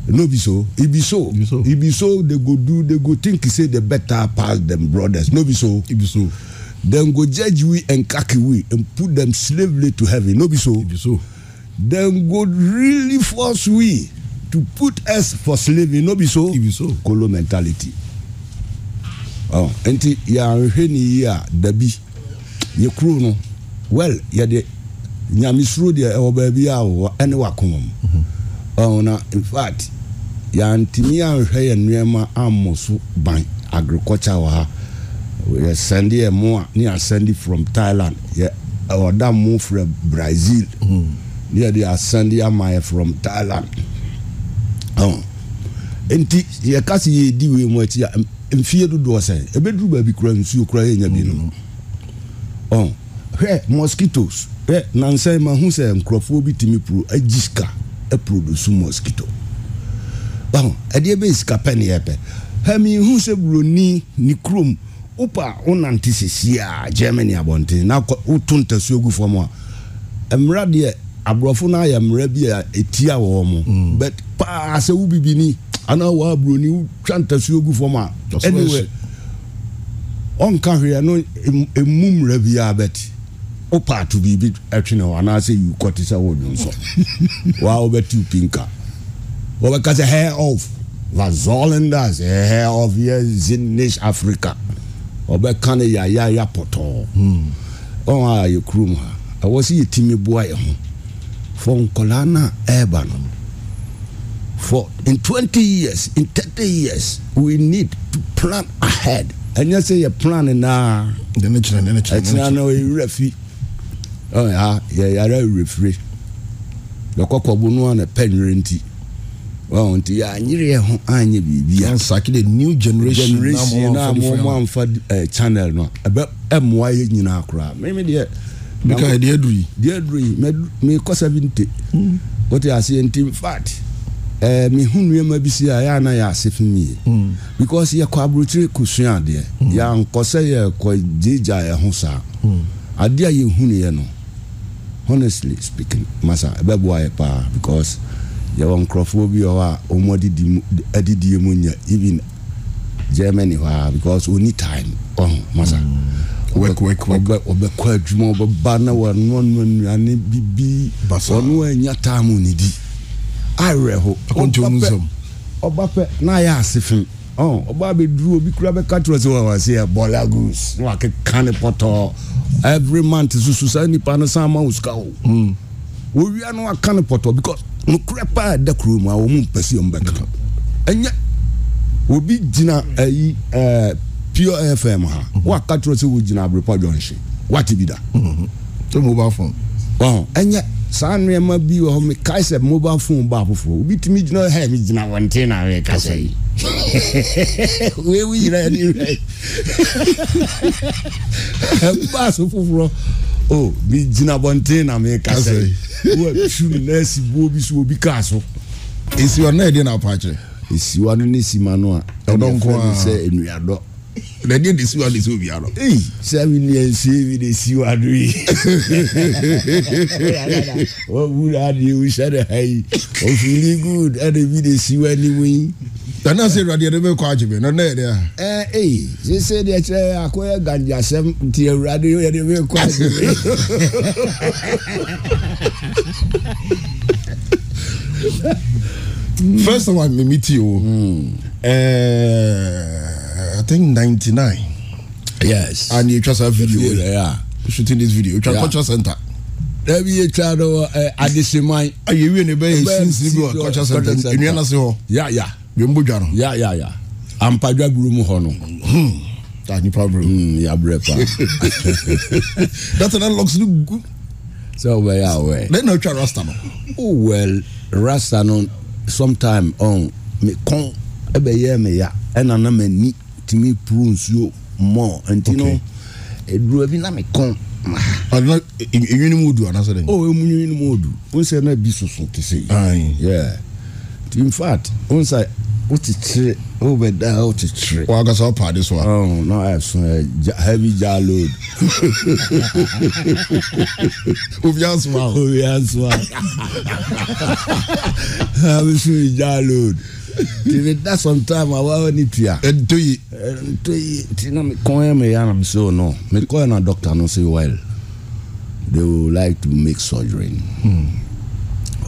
no be so e be so e be so they go do they go think say they better pass them brothers no be so e so dem go judge we and kaki we and put them slavely to heaven no be so e so dem go really force we to put us for slavery no be so e so kolo mentality ɔ nti yàrá hwɛ ni yìí a dabi yɛ kuro no well yɛde nyamesuro deɛ ɛwɔ baabi a wɔ ɛne wakoma mu mhm. ɔn na in fact yantumi anhwɛ yɛn nneɛma amɔ so ban agriculture wɔ ha yɛsɛnde yɛ mo a ne yɛasɛnde from thailand yɛ ɔda mo frɛ brazil mhm. ne yɛde asɛnde ama yɛ from thailand ɔn nti yɛka se yɛdi wei mu akyi a mfie dodoɔ sɛn ɛbɛduru baabi kura nsuo kura yɛnya bi no mhm hwɛ mosquitoes hwɛ nansan ma ho sɛ nkurɔfoɔ bi tumi pro agyi sika produce mosquito baho ɛdeɛ bɛyɛ sika pɛ ne yɛpɛ hami hu sɛ buroni ne kurom wopa wonante sesie a germany abɔnten na woto ntasuo gu fam a mmara deɛ aborɔfo no ayɛ mmara bi a ɛtia wɔ mu mm. but paa sɛ wobibini anaa wɔ aburoni wotwa ntasuo gu fam a anyway ɔnka hweɛ no ɛmu mmara biaa bɛte wo paato biribi ɛtwene hɔ anaasɛ yi kɔte sɛ wɔdwo nsɔ waa wobɛtiw pinka wɔbɛka sɛ hair off vazolendas hair off yɛ zinnish africa ɔbɛka ne ya pɔtɔɔ hmm. ɔn a yɛ kurom ha ɛwɔ sɛ yɛtumi boa yɛ ho fɔ nkɔlaa no ɛɛba no for in twenty years in thirty years we need to plan ahead ɛnyɛ sɛ yɛ plan naa ɛtena na ɔyɛ wura fi ha yɛyare awerɛfire yɛkɔkɔbo no ana na nwere nti wọn ti anyere yɛ ho anyɛ biribi a. ansaki de new generation generation na mo mo anfa ɛ channel no ɛbɛ ɛmoa yɛ nyinaa koraa mímí deɛ. bika yɛ deɛ duru yi. deɛ duru yi mɛ mɛ kɔsa bi nte. o ti ase nti fat ɛɛ eh, mi hu nneɛma bi si a yɛ ana yɛ ase fi mi yɛ. because yɛ kɔ aburukyire ko sun adeɛ. Mm. yɛ ankɔsɛ yɛ kɔ gyegya yɛ ho saa. Mm. adeɛ a yɛ hu ne yɛ no. honestly speaking masa ɛbɛboa yɛ paa because yɛwɔ nkurɔfoɔ bi wɔ a a wɔn adidie mu nya even germany hɔ a because oni time ɔho oh, masa ɔbɛkɔ adwuma ɔbɛba na wɔanoa no anuane bibi ɔno anya time ne di awerɛ ho ɔba pɛ na ayɛ ase fem ɔbaa bɛduru obi kura bɛka torɔ sɛ wɔwɔ sɛ ɛbɔla goose na wakeka ne pɔtɔɔ every month susu saa nnipa no san ma wo sika o wɔwia no waka ne pɔtɔɔ because nokorɛ paa ɛda kuro mu a wɔ mu mpɛ sɛ ɔm bɛka ɛnyɛ obi gyina ayi ɛɛ pure fm ha waka torɔ sɛ wɔgyina aberepa junction wate bi da sɛ mobile phone ɛnyɛ saa nneema bi wɔ hɔ mekae sɛ mobile phone ba afoforɔ obi tumi gyina ha mi gyina wɔnten na mekasa yi wei wo yira ne wura baaso foforɔ o mi jina bɔnten na mekasa yi woatu no na bu buo bi so obi kaa so ɛsiwa no na ɛdeɛ na apa akyerɛ ɛsiwa no ne sima no a ɛdɔnko a sɛ nnuadɔ na deɛ de siwa de si obiara. ee sábì ni ẹnsẹ mi de siwa do yi wọn wúlò adìyẹ wusa de ha yi o fili good ẹni mi de siwa ni mu yi. nana se ìrọ̀lẹ́ yẹn bẹ́ẹ̀ kọ́ àjẹbẹ́ nana yẹn dẹ́. ẹ ee sise de ẹkyẹrẹ akọyẹ gandi asẹm ti ìrọ̀lẹ́ yẹn bẹ́ẹ̀ kọ́ àjẹbẹ́. first of all mímí tí o. ẹẹ. Hmm. Eh, think ninety nine. yes and you trust that video yeah shooting this video you try yeah. culture center. Let me try. do ɛ this ayi ewie ne bɛ ye sinsin bi wɔ culture center In na se Yeah, yeah. ya bi Yeah, yeah, yeah. I'm ya ya ya ampadwa buru mu hɔ no. taa nipa buru. ya buru pa. data na lɔks ni gu. sɛ o bɛ yà rasta nọ. o wɛl rasta nọ sometime on me con. ɛ bɛ yɛ ya Enana me ni. prune puru nsuo mɔ nti no eduro bi na mi kɔn. ɔdun ewini mu du anase de. o emu ewini mu du nsɛ na bi soso se. in fact nsɛ o ti tiri o bɛ da o ti tiri. wa ka sɔn paadi as ɔn sɔn ɛ heavy jar load. o bi o a load. tiri da sometime awa wa ni tia. ɛnto yi. ɛnto yi ti na mi kɔn yɛ mi ya na mi se o nɔ mi kɔn na doctor no say well they would like to make surgery. Hmm.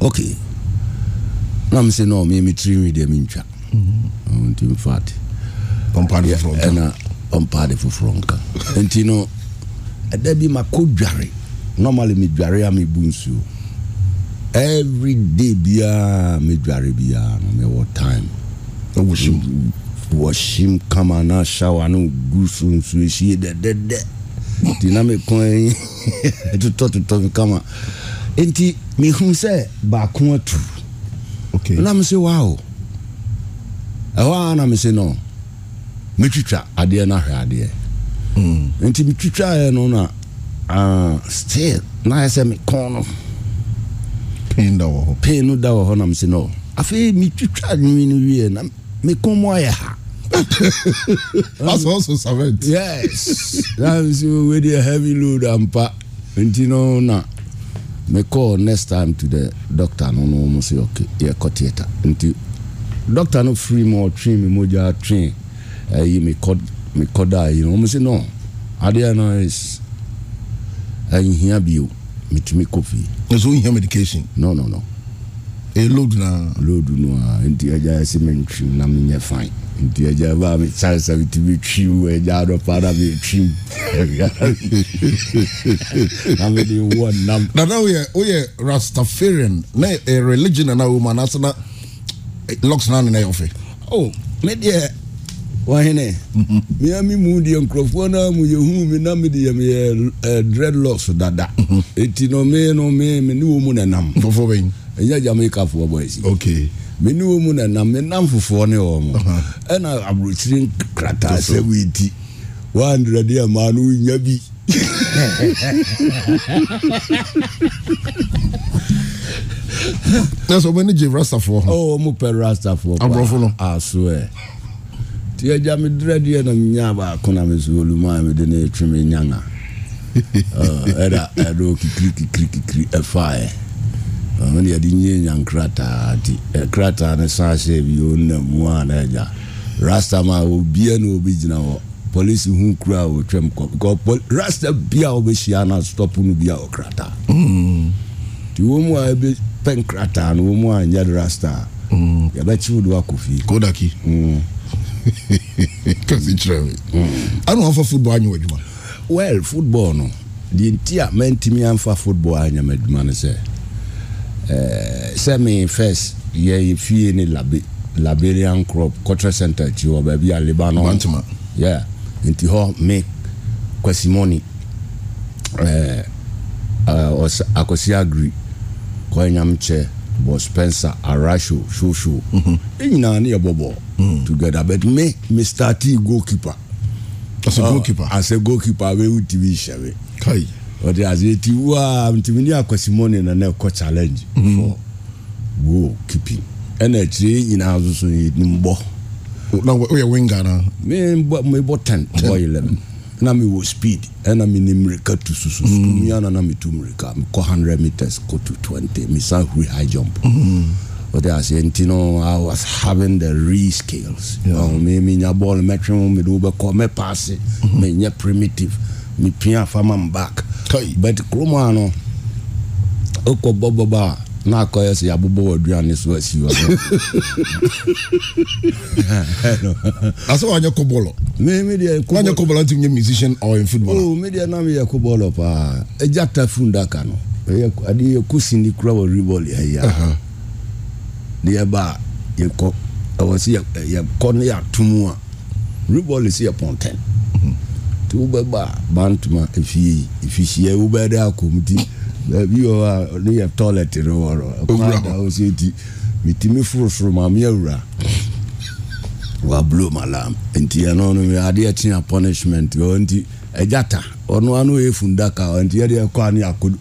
okay na mi se no mi mi tiri mi de mi n twa. nti n fat. pɔnpa de foforɔ nkan. ɛna pɔnpa de foforɔ nkan nti no ɛdɛ bi ma ko dware normally mi dware ya mi bu nsuo every day biara medware biara no mewɔ time wɔhyem kama na shower no gu so nsuo sie dɛdɛdɛ nti na mekɔn totɔtotɔ me kama nti mehu sɛ baako atu okay. na mese wow ɛhɔ a na mese no metwitwa adeɛ na ahwɛ adeɛ mm. nti metwitwaeɛ no na uh, still na ayɛ sɛ mekɔn no pain da wɔ hɔ pain no da wɔ hɔ nam si no afei metwitwa nwii no wie na mekɔn mu ayɛ ha that's also servant yes nam so wede a heavy load ampa nti no na mekɔɔ next time to the doctor no no mu sɛ okay yɛkɔ theatre nti doctor no free mu ɔtwe me mogya twe ayi mekɔ da ayi no ɔmo no adeɛ no is ɛnhia bio metumi kɔ fie na so wohia medication no no no ɛyɛ load na load no a ah. nti agya ɛsɛ mentwim na menyɛ fine nti agya baa me kyare sɛ metumi twim agya adɔ paa na metwim na mede wɔ nam nana woyɛ woyɛ rastafarian na ɛyɛ eh, religion na wo mu anaasɛ na eh, locks na ni na yɛ ɔfɛ oh me deɛ wɔhene mea me mu deɛ nkurɔfoɔ no mu yɛhu mi na mede yɛ meyɛ eh, dreadlocks dada ɛti mhm. no me no me mene wɔ mu nanam ɛnyɛ jamaicafoɔ bɔ asi mene wɔ mu nanam menam fofoɔ ne wɔ mu uh-huh. ɛna aburokyiri nkrataa sɛ woɛti 100 deɛ maa no wonya bi na sɛ ɔmani gye rastafoɔ ho oh, ɔmo pɛ rastafoɔ aborɔfo no asoɛ nti e agya e me drɛdeɛ na menya baako na mesowɔlu mu a mede ne ɛtwe me nyana ɛda ɛde kikirikikirikikiri ɛfaɛ ɔno deɛ de nye nya nkrataa nti e krataa ne san hyɛ bi ɔnna na agya rasta ma obia na obi gyina hɔ polisi hu kura a wɔtwam kɔ because rasta bia a wɔbɛhyia na stop mm. no bia ɔkrataa nti wɔn mu a ɛbɛ pɛn krataa no wɔn mu a nyɛ rasta yɛbɛkyiw do akɔ fie kodaki. Mm. kasi kyerɛ mm. ana wamfa football anyɛ w'adwuma well football no deɛ nti a mantimi amfa football anyɛ m'adwuma no sɛ eh, sɛ me first yɛyɛ fie ne labe laberian crop cultural center akyi hɔ baabi a lebanon yeah. nti hɔ me kwasimoni eh, uh, eh, akwasi agri kɔnyamkyɛ bɔ spencer arasho shosho ɛnyinaa mhm. ne yɛbɔbɔɔ mm. together but me mr t goalkeeper. as a oh, goalkeeper as a goalkeeper we awewu tv sẹwe. kai ọdẹ àti etí wá ntumi ní akọsimọ́ni nana ẹ̀kọ́ challenge. Mm. for goal keeping ẹna akyire nyinaa soso yɛ nim bɔ. na woyɛ winga na. mi bɔ mi bɔ ten bɔ eleven na mi wɔ speed ɛna e mi ni mirika tu soso mm. mi yana na mi tu mirika mi kɔ hundred meters, kɔ to twenty mi san huri high jump. Mm -hmm what they are saying, you know, I was having the real skills. Yeah. Um, me, me, nya ball, me, trim, me, do, be, call, me, pass it, me, nya primitive, me, pia, fam, I'm back. But But, kroma, no, oko, bobo, ba, na akɔyɛ sɛ yɛabobɔ aduane so asi wɔ asɛ wanyɛ kɔbɔlɔ medeɛwanyɛ kɔbɔlɔ nti nyɛ musician or in football oh, medeɛ na meyɛ kɔbɔlɔ paa ɛgyata e fundaka no ɛyɛ e adeɛ yɛ kosi ni kora wɔ rebɔl ayia ne yɛba a yɛkɔ ɛwɔ sɛ yɛkɔ ne yɛato mu a rebɔle sɛ ba nti wobɛba a bantoma ɛfie ɛfihyia wobɛde akɔm ti baabi wɔ a ne yɛ toilet no wɔ no ɛkwada wo sɛ ti metumi forosoro maame awura wablo malam nti ɛno no adeɛ tea punishment ɔ nti agyata ɔno ano yɛ fundaka ɔ nti yɛde ɛkɔ a ne akɔdu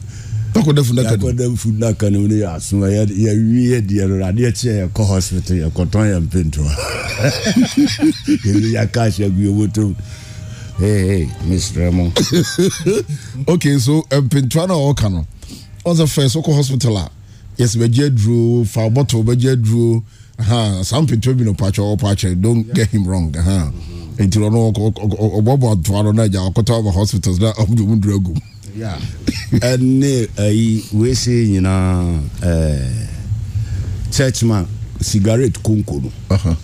akɔda funaka ni akɔda funaka ni ne yɛ asun yɛ yɛ wi yɛ diɛ no adeɛ kyɛ yɛ kɔ hospital yɛ kɔtɔn yɛ mpintua yɛri yɛ kaasi agu yɛ woto hey hey mr mo. okay so mpintua na ɔka no ɔsɛ fɛs ɔkɔ hospital la yɛsɛ bɛgye aduro fa bɔtɔ bɛgye aduro saa mpintua bi na ɔpakyɛ ɔpakyɛ don't get him wrong. Uh -huh. nti ɔno ɔbɔbɔ atoa no na agya ɔkɔtɔ aba hospitals na ɔmdwomu duro agum ɛne ayi wese nyinaa ɛɛ churchman cigarette konko no uh-huh.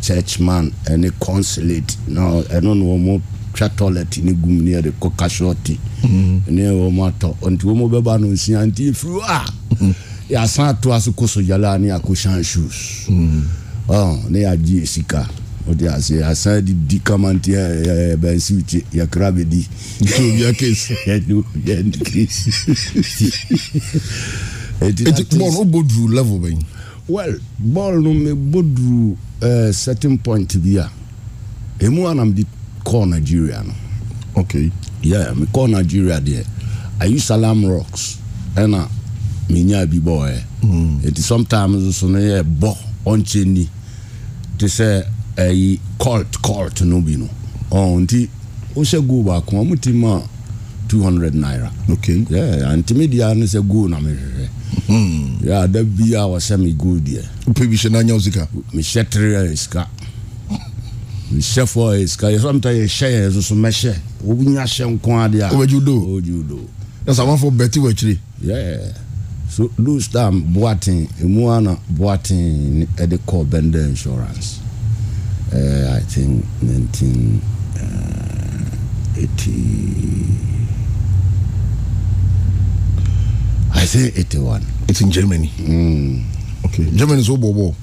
churchman ɛne consulate na ɛno na wɔn twa toilet ne gum ne yɛde kɔ casualty mm-hmm. ne wɔn atɔ nti wɔn bɛba no nsia nti efiri a mm-hmm. yɛasan ato aso kɔ sojala ne akɔ shan shoes mm-hmm. ɔn ne yɛagye sika wote ase asan didi kamanti bɛnsi wti yɛkra bɛdi obia case yɛne case ɛti bɔl wobɔ duru level bɛn well bɔl no mebɔ duru uh, eh, certain point bi a ɛmu a na mede kɔɔ nigeria no okay yeah mekɔɔ nigeria deɛ ayi salam rocks ɛna menya bi bɔɔɛ ɛti mm. sometimes so no yɛ bɔ ɔnkyɛ ni te sɛ ɛyi court court no bi no ɔn nti wohyɛ goal baako wɔn ti ma two hundred naira. okay yeah antimi di ano sɛ goal na mi hwehwɛ. yɛ ada bi a wɔhyɛ mi goal deɛ. wopɛ bi hyɛ n'anya osika. mi hyɛ three ɛyɛ sika mi hyɛ four ɛyɛ sika yɛ sɔmi ta yɛ hyɛ yɛ soso mɛhyɛ obi nya hyɛ nko adi a. o bɛ ju do o ju do. yasa wọn fɔ bɛti wɔ akyire. yeah so lose time Boating. emu ana boatin ɛde kɔ bender insurance. uh, I think 1980. Uh, I say 81. It's in Germany. Mm. Okay. Germany is Obobo.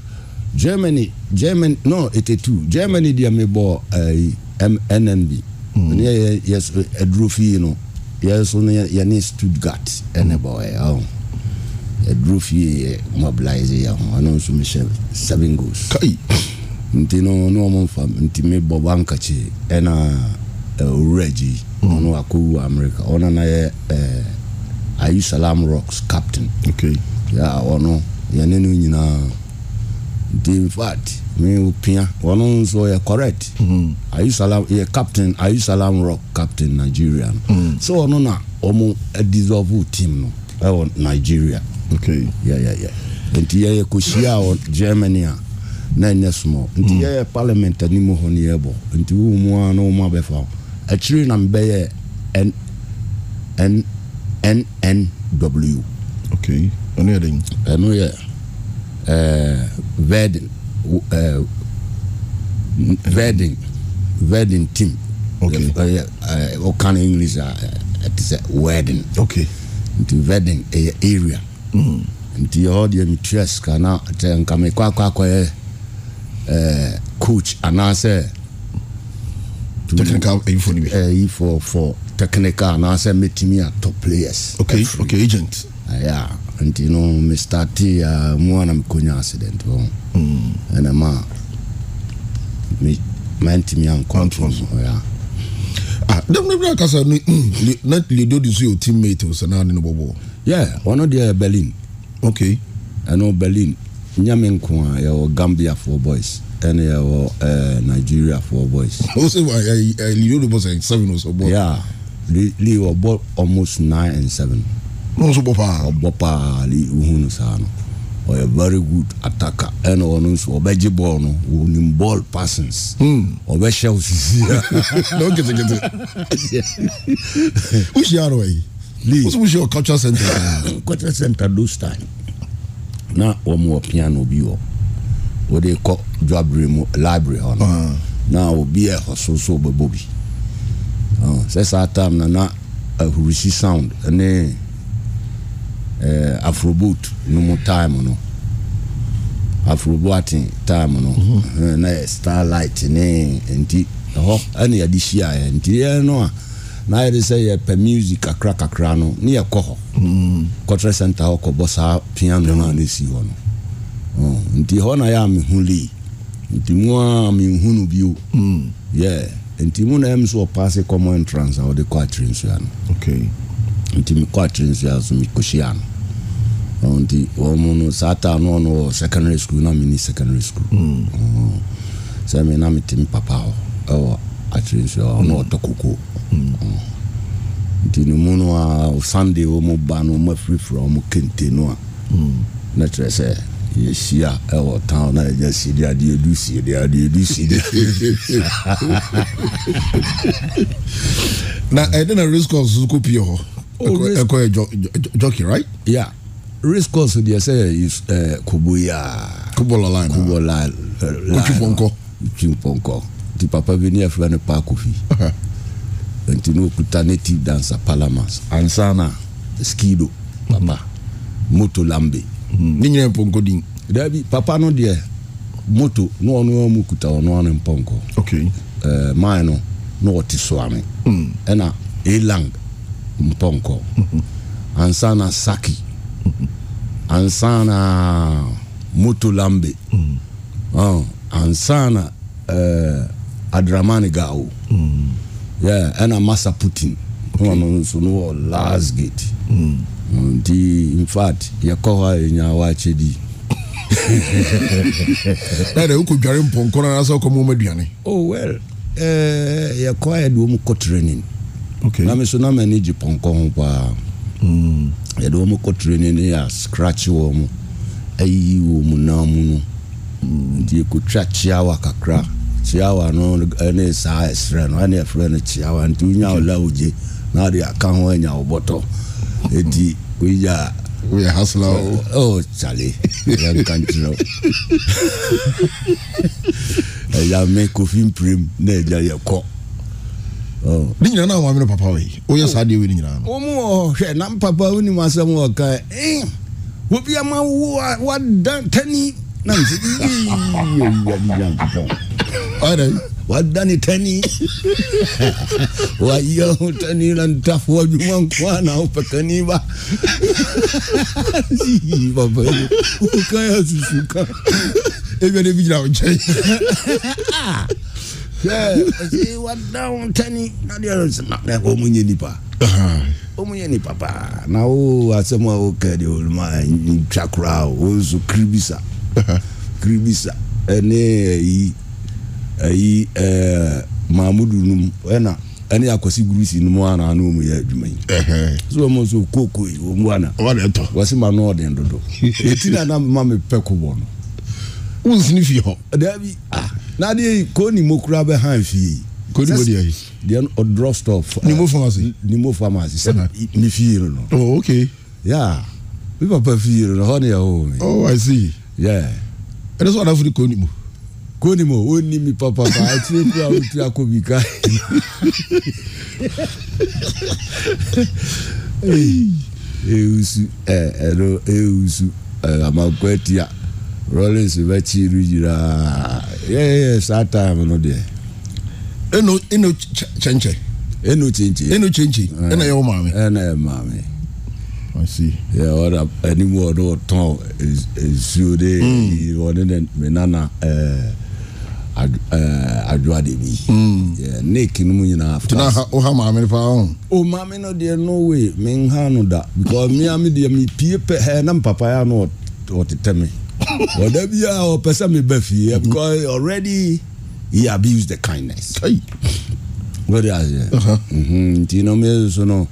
Germany, Germany, no, 82. Germany, they may bought uh, NMB. Mm. Yes, uh, a trophy, you know. Yes, only Yanni Stuttgart, and a boy. Oh. A trophy mobilizer. I know some seven goals. Nti ntino ne wɔn mfa ntumi bɔ banka kyi ɛna owura gyi mm. ɔno akɔwu Amerika ɔno na yɛ ɛɛ ayi salam rocks captain okay ya ɔno yɛne no nyinaa nti infact mi opia ɔno nso yɛ correct mm. ayi salam yɛ captain ayi salam rock captain nigeria no mm. so ɔno na wɔn dissolve team no ɛwɔ nigeria okay nti yɛ yɛ kò si a germany a. na ɛnyɛ small nti hmm. yɛyɛ parliament anim hɔ ne yɛbɔ nti wo mu a na wo mu abɛfa wo akyiri na mebɛyɛ n n n n w okay ɛno yɛ den eh, ɛno yɛ ɛɛ verdin ɛɛ eh, verdin verdin team okay ɛyɛ ɛɛ eh, ɔkan english a ɛte sɛ wedding okay nti verdin ɛyɛ area hmm. nti yɛ hɔ deɛ mi tia sika na ɛtɛ nka mi kɔ akɔ akɔ yɛ. Eh, coach anaasɛ yifoɔ eh, for technical anaasɛ mɛtumi atɔ players okay, okay, agent ah, yeah. nti no mestarte uh, mu ana mekɔnya accident hɔ mm. ɛna ma mantimi ankɔ dɛmdɛmdɛ akasa na ledodi nso yɛ teammate sɛ na ne no bɔbɔɔ yeah ɔno deɛ berlin okay ɛno berlin nyame nko a yɛwɔ four boys ɛne yɛwɔ ɛɛ eh, four boys. o se wa ɛ ɛ liyo de bɔ sɛ seven o so bɔ. ya li li wɔ bɔ almost nine and seven. n'o so bɔ paa. ɔbɔ paa li uhun saa no ɔyɛ very good attacker ɛna ɔno nso ɔbɛgye bɔɔl no wɔnim bɔɔl passings ɔbɛhyɛ wo sisia dɔw ketekete wohyia arɔ yi lee wosowohyia ɔ culture center culture center those time na wɔn wɔ piano bi wɔ wɔde kɔ dwabere mu library hɔ no uh-huh. na obi a ɛhɔ so so bɛbɔ bi sɛ saa tam na na ahurusi sound ne ɛɛ afroboot no mu time no afroboatin time no uh-huh. na yɛ starlight ne nti ɛhɔ ɛna yɛde hyia yɛ nti yɛn no a. na ayɛ de sɛ yɛpɛ music kakra kakra no ne yɛkɔ hɔ mm. kɔtrɛ center hɔ kɔbɔ saa piano no a ne si hɔ no mm. nti hɔ na yɛ a mehu lee nti mu a mehu no bio mm. yeah. nti mu na ɛm sɛ ɔpaase common entrance a wɔde kɔ akyere nsua no okay. nti mekɔ akyere nsua so mekɔhyia no nti wɔm no saa taa no ɔno wɔ secondary school na meni secondary school mm. uh, sɛ me na mete me papa hɔ ɛwɔ katirisa ɔno ɔtɔ koko nti ne mu no a sunday wɔ mu ba no ɔmo afirifiri ɔmo kente no a na kyerɛ sɛ yɛhyia ɛwɔ town na yɛgya sidi adeɛ du de adeɛ du sidi na ɛde na race course so kɔ hɔ oh, ɛkɔ yɛ jockey right yeah race course deɛ sɛ is ɛɛ eh, kobo yaa kobo lɔlan ah. kobo lɔlan eh, kotwi pɔnkɔ kotwi pɔnkɔ. papa venir fila ne pa kofi uh-huh. nti n'o kuta ne ti dansa palamas ansana skido papa moto lambe mm. ne nyɛ mponko din dabi papa no deɛ moto ne ɔno a mu kuta ɔno a mpɔnkɔ okay. Eh, no ne ɔte so ame ɛna elang mpɔnkɔ mm e mm-hmm. ansana saki -hmm. ansana moto lambe uh, ansana uh, adramani gao mm. yeah, ɛna masa putin okay. nso no wɔ last gate mm. nti infact yɛkɔ hɔ a yɛnya mpɔnkɔ no anasɛ wokɔ aduane oh well yɛkɔ a yɛde kɔ training na me so na m'ani gye pɔnkɔ ho paa mm. yɛde ɔm kɔ training scratch wɔ mu ayiyi wɔ mu mu no hmm. nti yɛkɔtwa kakra chiawa no ne saa ɛsrɛ no ɛne ɛfrɛ no chiawa nti wonya wo lawogye na wode aka ho anya wo bɔtɔ ɛnti woya woyɛ hasla o oh, chale yɛnka nkyerɛ ɛya me kofi mprem na ɛgya yɛkɔ ne nyinaa no a wamene papa wei woyɛ saa deɛ wei ne nyinaa no wɔmu wɔ hwɛ na mpapa wonim asɛm wɔka wobi ama wo wada tani na mesɛ Wadani tani wayo tani na nitafua juma nkwana upakani ba baba ukaya susuka ebyo ne bigira okyai wadda tani omunye nipa omunye nipa pa nawo asɛm a wokadi olma ntwakora wo nso kiribisa kribisa ɛne ayi ayi ɛɛ eh, mahamudu num ɛna ɛne akwasi gurusi num ana ana wɔn yɛ adwuma yi so wɔn nso kooko yi wɔn mu ana wɔsi ma no ɔden dodo eti na anam ma mi pɛ kobɔ no wunsini fi hɔ dabi ah n'adeɛ yi ko ni mo kura bɛ han fi yi ko eh, ni mo deɛ yi deɛ no drug store nimo pharmacy nimo pharmacy sɛ mi fi yi no oh okay yaa mi papa fi yi no hɔ ni yɛ hɔ mi oh i see yeah ɛdɛ sɔ ɔna fo ni ko ni mo kónìmọ̀ ó ní mi pàpàpà àti ètò àwọn tí a kò bì ká. ewusu ẹ ẹnu ewusu ẹ àmàkọ ẹtìyà rollins bẹ tí ìlú yìrá yẹ yẹ sáà táàmù nù díẹ. ẹnu ẹnu kyẹnkyẹn. ẹnu kyẹnkyẹn. ẹnu kyẹnkyẹn ẹnu yẹ wọ maame. ẹnu yẹ maame. yẹ ọdọ ẹni mu ọdọ tán nsuo de ọdẹ nana ẹẹ. Eh adwoa eh, de bi hmm. nick no mu nyinaa tena ha woha maame no paa ho o maame no deɛ no way menha no da because mea me deɛ mepie pɛ hɛ na mpapaeɛ no ɔtetɛ me ɔda biaa ɔpɛ sɛ meba fie hmm. because already he abused the kindness wode aseɛ nti no me so no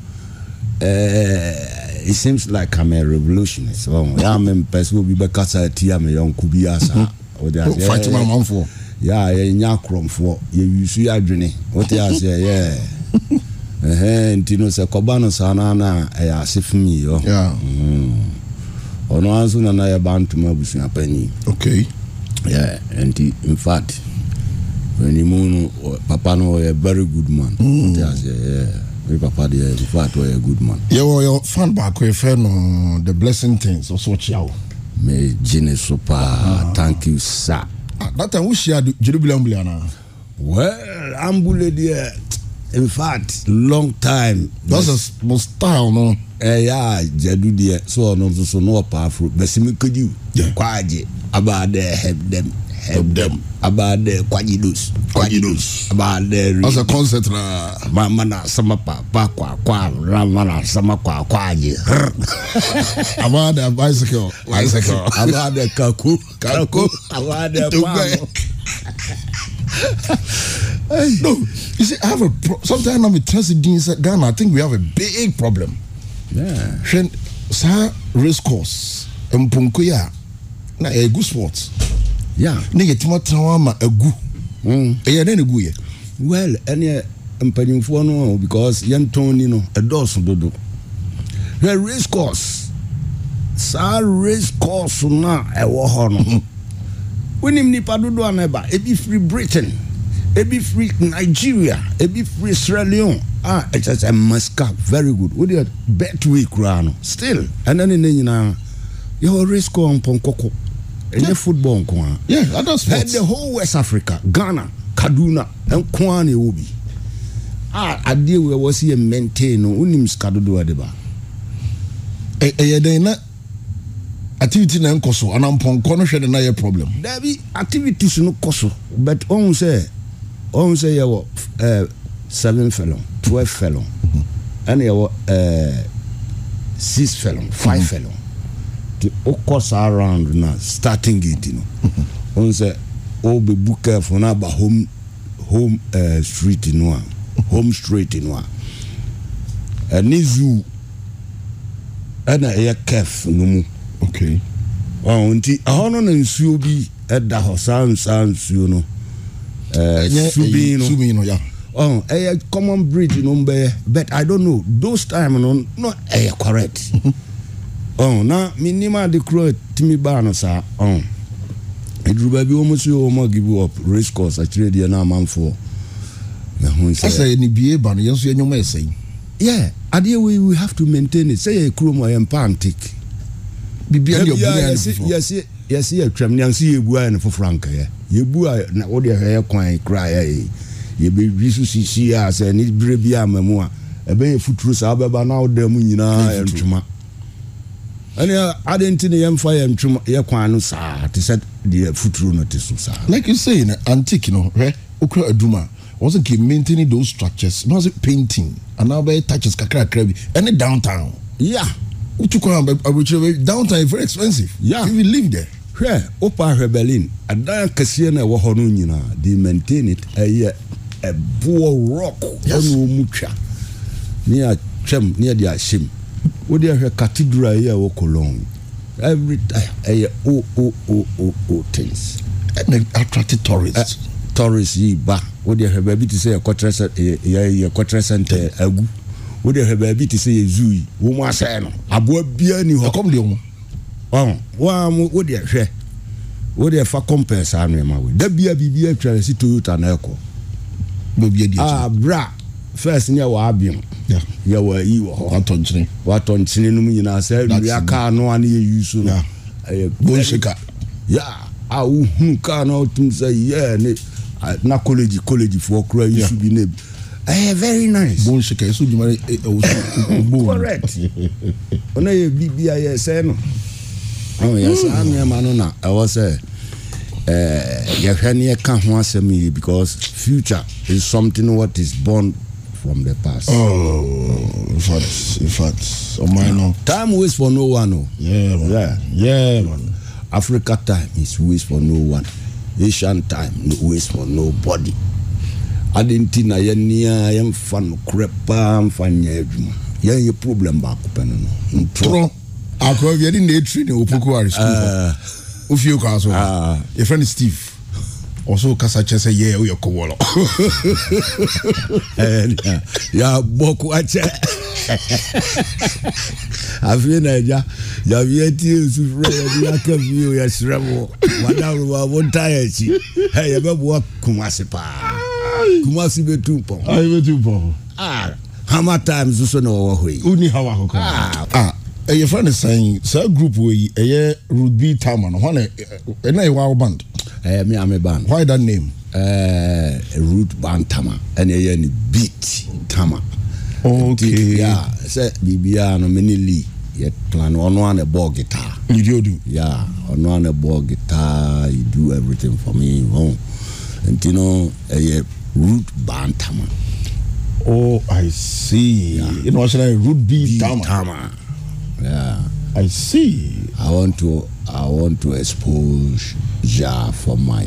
eh, it seems like I'm a revolutionist. Well, yeah, I'm in Pesu, we be Kasa, Tia, me young Kubiasa. Hmm. Fight my eh, mom for yà yẹ nya akoromfoɔ yɛ yusu yɛ adwene wote aseɛ yɛ ɛhɛn nti no sɛ kɔba no saa naa na ɛyɛ ase fun yi hɔ ɔno anso nana yɛ ba ntoma abusua panyin okay yɛ nti in fact onimu no oh, papa no ɔyɛ very good man wote aseɛ yɛ mi papa de yɛ in fact ɔyɛ oh, good man. yɛwɔ yɛ fan baako efɛ no the blessing things ɔsɔ kyiawo. mɛ gye ne so paa uh-huh. thank you sir. Ah, that time wohyia jerubile ambule anaa well ambule eh, deɛ in fact long time. that's yes. a must. style no. ẹ eh, yà jẹdu diẹ sọ ọ nọ soso n'ọ pa afro bẹsẹ mi kojú. kọ́ àjẹ abáadẹ help them help them about the kwajidos. Kwajidos. About the. As a concert na. Mama na sama pa pa kwa kwa mama na sama kwa kwaji. about the bicycle. Bicycle. about the kaku kaku. About the pamo. no, you see, I have a pro- sometimes I'm a transit inside Ghana. I think we have a big problem. Yeah. Sir, race course, mpunku ya na egu sports ne yɛtumi atena hɔ ama agu hmm. ɛyɛ dɛn ne gu yɛ well ɛneɛ mpanyimfoɔ no because yɛntɔn ni no ɛdɔɔso dodo hwɛ race course saa race course no a ɛwɔ hɔ no wonim nipa dodoɔ no ebi firi britain ebi firi nigeria ebi firi sierra leone a ɛkyɛ sɛ masca very good wodeɛ betway koraa no still ɛnɛ ne ne nyinaa yɛwɔ race course mpɔnkɔkɔ ɛnyɛ football nko a yeah other sports the whole west africa ghana kaduna nko ara na ɛwɔ bi a adeɛ wɔ ɛwɔ si yɛ maintain no wonim sika dodoɔ de ba ɛyɛ e, e, dɛn na activity na nkɔ so anampɔnkɔ no hwɛ de na yɛ problem dabi activities no kɔ so but ɔhun sɛ ɔhun sɛ yɛwɔ ɛɛ seven felon twelve felon mhm. ɛna yɛwɔ ɛɛ six felon five mhm. felon. Mm -hmm nti wokɔ saa round no starting gate no wohu sɛ wobɛbu carefo no aba home home uh, street no a home street no a ɛne zoo ɛna ɛyɛ kef no mu okay. oh, nti ɛhɔ no na nsuo bi ɛda hɔ saa nsaa nsuo no eh, subi no ɛyɛ common bridge no mbɛyɛ but i don't know those time no no ɛyɛ correct ɔn na mi nima ma de kura timi baa no saa ɔn eduru baabi wɔn so yɛ wɔn a give up race course akyerɛ deɛ na amanfoɔ ɛhun sɛ ɛsɛ ni bie ba no yɛn so yɛ nyɔma ɛsɛ yi. yɛ adeɛ wei we have to maintain it sɛ yɛ kurom a yɛn pa antik. bibiara yɛ bu ayɛ no foforɔ yɛsi yɛsi yɛtwam ni yansi yɛ bu ayɛ no foforɔ ankɛyɛ yɛ bu ayɛ na o de yɛ kwan kura yɛ yɛ yɛ bɛ bi so sisi a sɛ ni bere bi ama mu a ɛbɛn yɛ futuro saa ɔbɛba na ɔdan mu nyinaa yɛ ɛne ade nti ne yɛmfa yɛ ntwom yɛ kwan no saa te sɛ deɛ futuro no te so saa like you say na antique no hwɛ wokura adum a wɔn sɛ ke maintain those structures na wɔn sɛ painting anaa bɛyɛ touches kakrakra bi ɛne downtown yeah wotu kwan aburukyerɛ bɛ downtown is very expensive yeah if you live there hwɛ wopa ahwɛ berlin adan kɛseɛ no ɛwɔ hɔ no nyinaa they maintain it ɛyɛ ɛboɔ rock ɛna wɔn mu twa ne yɛ atwam ne yɛ de ahyɛ mu wode ahwɛ cathedral yi a wɔ cologne every time ɛyɛ o o o o o things. ɛna attract tourists. tourists yi ba wode ahwɛ baabi te sɛ yɛ kɔtɛrɛ sɛ yɛ yɛ kɔtɛrɛ sɛntɛ agu wode ahwɛ baabi te sɛ yɛ zoo yi wɔn mu asɛn no aboa biara ni hɔ. ɛkɔm de wɔn. ɔn wɔn a mo wode ahwɛ wode afa compare saa nneɛma wɔ dabia biribi atwa ɛsi toyota na ɛkɔ. bɛ bi adi akyi. abira. Ah, first ni ɛwɔ abiam yɛwɔ ayi wɔ hɔ watɔ nkyene watɔ nkyene no mu nyinaa sɛ nnua kaa no a ne yɛ yusu no ɛyɛ bonhyika ya a wohunu kaa no wotum sɛ yɛ ne na college college foɔ kora yusu bi ne ɛyɛ very nice bonhyika ɛso dwuma ɛwɔ e, e, so e, bo correct ɔno yɛ biribia yɛ sɛ no yɛ mm. saa nneɛma no na ɛwɔ sɛ yɛhwɛ ne yɛka ho asɛm yi because future is something what is born from the past. Oh, in fact, in fact, oh my no. Time waits for no one. Oh. Yeah, man. yeah, yeah, man. Africa time is waste for no one. Asian time no waste for nobody. Adinti na yɛn nia yɛn fa no korɛ paa nfa nyɛ adwuma yɛn yɛ problem baako pɛ no no. Ntorɔ akɔrɔ yɛde na etiri na opoku wari sukuu hɔ ofie kɔ aso yɛfrɛ no Steve ɔso kasa kyɛ sɛ yɛ woyɛ kowɔlɔ eh, yɛabɔ ko akyɛ afei na agya yameɛ tie nsu frɛ yɛde aka bio yɛserɛ mo wadawroma monta yɛ akyi yɛbɛboa kumase paa kumase bɛtu mpɔn bɛtu mpɔn hama ah, time soso na wɔwɔ hɔ yi woni hawa kɔkɔ ah, ah ɛyɛ fɛn sɛn saa group wo yi ɛyɛ ruby tama no hɔn ɛna ɛwɔ awo band. ɛɛ mi ame band. why that name. ɛɛ eh, root band tama ɛna eh, ɛyɛ ni beat tama. okay ya sɛ biribiara no mi ni lee yɛ plan ɔno a na bɔ guitar. you do do. ya ɔno a na bɔ guitar you do everything for me hɔn nti no ɛyɛ root band tama. oh i see. ɛna wɔn sɛ root beat Root beat tama. Yeah. I see. I want to I want to expose Ja for my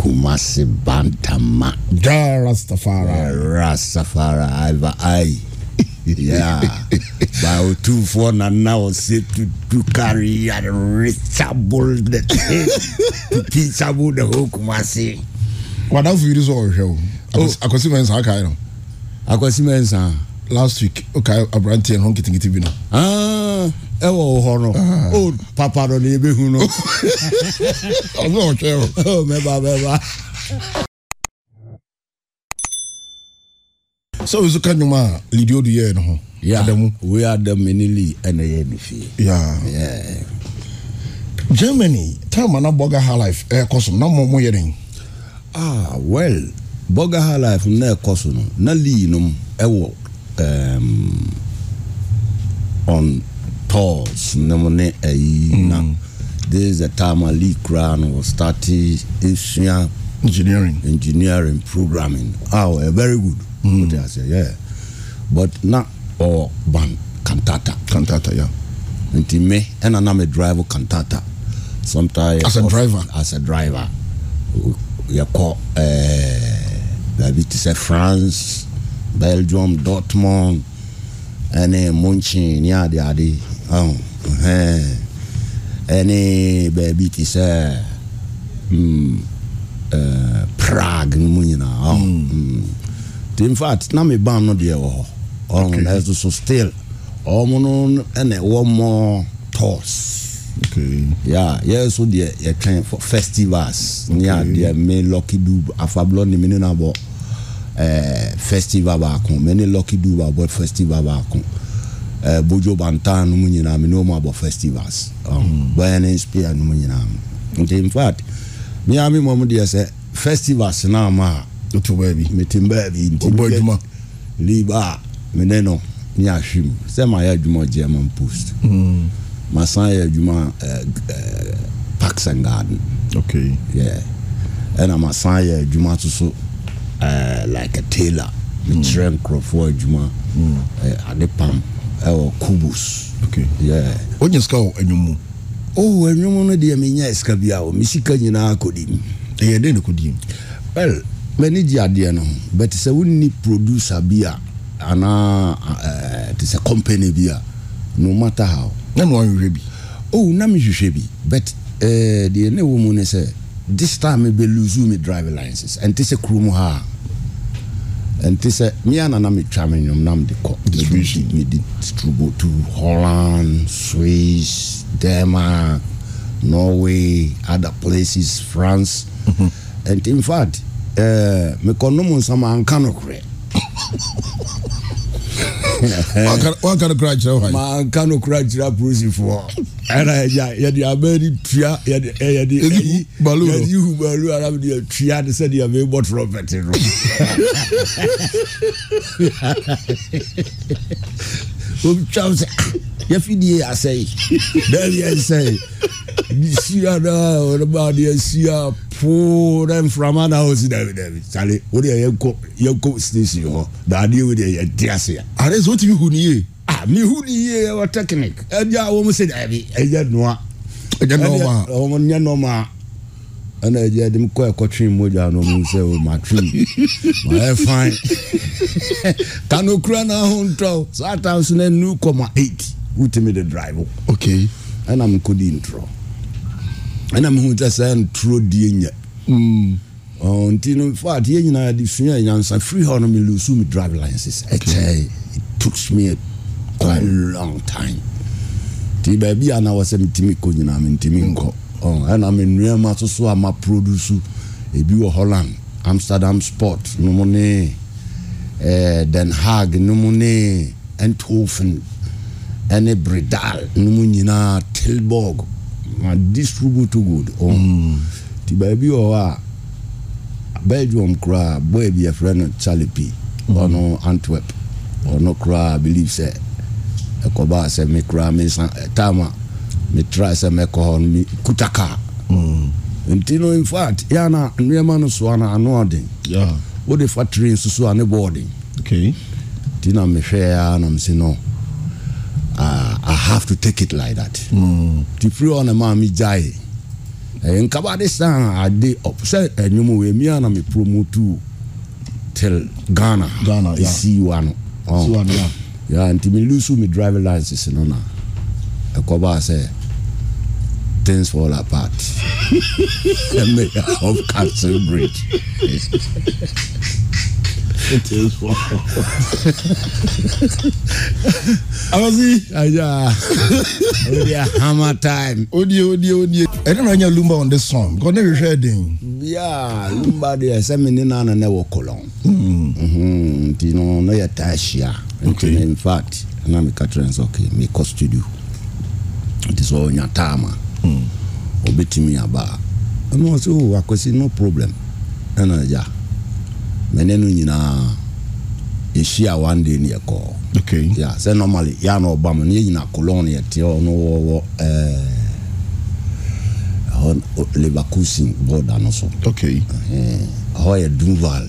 Kumasi Bantama. Ja Jah Rastafari. Rastafari. I. yeah. Bao two for na now say to to carry a reachable the to teach teachable the whole Kumasi. Wadafu yirizo ohwe o. Akwasi mensa aka no. Akwasi mensa. last week ɔka aberanteɛ no ho nketenkete bi no ɛwɔ wo hɔ no o papa no ne yɛbɛhu no ɔno ɔhwɛ o mɛba mɛba sɛ wo so ka nwom a lidi odu yɛɛ no ho adamu wei adam mene li ɛna yɛ ne fie germany time ana burger high life ɛɛkɔ so na mmɔmɔ yɛ den ah well burger high life na ɛkɔ so no na lii nom ɛwɔ um, on pause ne mo ne ayi na mm. this is the time ali koraa no wɔ start esua engineering engineering programming ah oh, very good mm. o ti a yeah but na ɔwɔ oh, ban cantata cantata yeah nti me ɛna na me drive kantata sometimes as a of, driver as a driver yɛkɔ baabi ti sɛ France. Belgium Dortmund ɛne Munchen ne adeade ɛho ɛne baabi te sɛ mm, uh, Prague no mu nyinaa ɔho mm. mm. nti na me ban no deɛ wɔ hɔ ɔho okay. nanso so still ɔmo no ɛna ɛwɔ mɔ tours. Okay. Yeah, yeah, so deɛ yɛtwɛn festivals ne adeɛ me lucky dub afablɔ ne me ne na bɔ. Eh, festival baako, kun mɛ ni lucky du b'a bɔ festival baako. kun ɛɛ eh, bojo b'an numu ɲinan mi n'o ma bɔ festivals ɔn bayern inspire numu ɲinan mi nti in fact ni y'a mi mɔmu deɛ sɛ festivals n'a ma o tun bɛ bi mi ti bɛ bi nti o bɔ juma liba minɛ nɔ ni y'a si mu sɛ maa y'a juma german post mm. ma san yɛ juma ɛɛ parks and garden okay yeah ɛna ma san yɛ juma soso. Eh, like a tailor mekyerɛ mm. nkurɔfoɔ adwuma mm. uh, ade pam ɛwɔ uh, kubus okay. yeah. wonye oh, oh, sika wɔ anwom mu oh anwom no deɛ menyɛ sika bia wɔ mesika nyinaa kɔdim ɛyɛ eh, dɛn ne kɔdim well m'ani gye adeɛ no but sɛ wonni producer bi uh, eh, a anaa uh, te sɛ company bi a no matter how na na bi oh na mehwehwɛ bi but deɛ ne wɔ mu ne sɛ this time mebe lose me driving license ɛnte sɛ kurom ha a ɛnte sɛ mia nana metwa me nwom na mede kɔ mede strubo to holland swiss denmark norway other places france ɛnti mm -hmm. infact uh, eh, mekɔnom nsɛm anka nokorɛ waka no kora kyerɛ hɔ manka no kora kyerɛ polisifoɔ ɛna ɛgya yɛde abɛni tua yɛde yɛde hu balu ara mi de atua ne sɛ de abɛn bɔ trɔmpɛt no otwa sɛ yɛfidie asɛe daabi ɛnsɛe sira na ɔnemaade asia poo na mframa na ɔsi daabi daabi sale wodeɛ yɛnkɔ yɛnkɔ station hɔ daadeɛ wodeɛ yɛde ase a ade sɛ wotumi hu ni yie a mehu ne yie ɛwɔ technic ɛgya wɔ m sɛ daabi ɛyɛ noa ɛnyɛ nɔma ɛnyɛ nɔma ɛna ɛdi ɛdi mi kɔ ɛkɔtwi mogya no mu sɛ o ma twi ma ɛ fain kano kura na ho ntrɔ saa so na nu kɔma eight wutumi de drive okay ɛna mi kɔ di ɛna mi hu sɛ sɛ nturo die mm. nyɛ ɔn ti no fact yɛ nyinaa de sua nyansa free hɔ no mi lose mi drive license ɛkyɛ it took me a quite long time ti baabi a na wɔsɛ mi ti mi kɔ nyinaa mi ti mi nkɔ. Mm ɛna me nnuama soso a ma produce ebi wɔ holland amsterdam sport no ne ɛɛ eh, den haag no mu ne enthofen ɛne bredal no nyinaa tilburg ma distribute good ɔn oh, mm. ti baabi wɔ hɔ a belgium koraa boy bi yɛfrɛ no charlie p ɔno mm. antwerp ɔno koraa believe sɛ ɛkɔba sɛ me koraa me nsa ɛtaama. Eh, metrae sɛ mɛkɔ hɔ no kutaka mm. nti no infact yɛana nneɛma no soa no ano ɔden yeah. Uh, wode fa train soso a ne bɔ ɔden okay. nti na mehwɛɛ a na mese no i have to take it like that mm. nti firi hɔ na maa megyae eh, ɛyɛ nkaba de san ade sɛ ɛnwom eh, wei mia na mepromotu till ghana ghana yeah. ɛsii wa no oh. yeah, nti lose me driver license no na ɛkɔbaa sɛ things fall apart ɛmɛ of castle bridge. things fall apart. awasi. ayaa o de hammer time. o de o de o de. ɛdi na nya lumba on this song because ne bi hwɛ den. yaa lumba de ɛsɛ mi ni nana ne wɔ kolon. nti no ne yɛ taa ahyia. nti in fact ɛna mi ka tẹrɛ nsọ kii mi kɔ studio nti sɛ ɔnya ma, ɔbɛtumi aba a ɛma sɛ o akɔsi no problem ɛna gya mɛne no nyinaa yɛhyia one day ne yɛkɔɔ okay. sɛ normally yɛ na ɔba mu ne yɛnyina cologne yɛteɛ ɔno wɔwɔ ɛɛ border no so okay. ɛhɔ yɛ dunval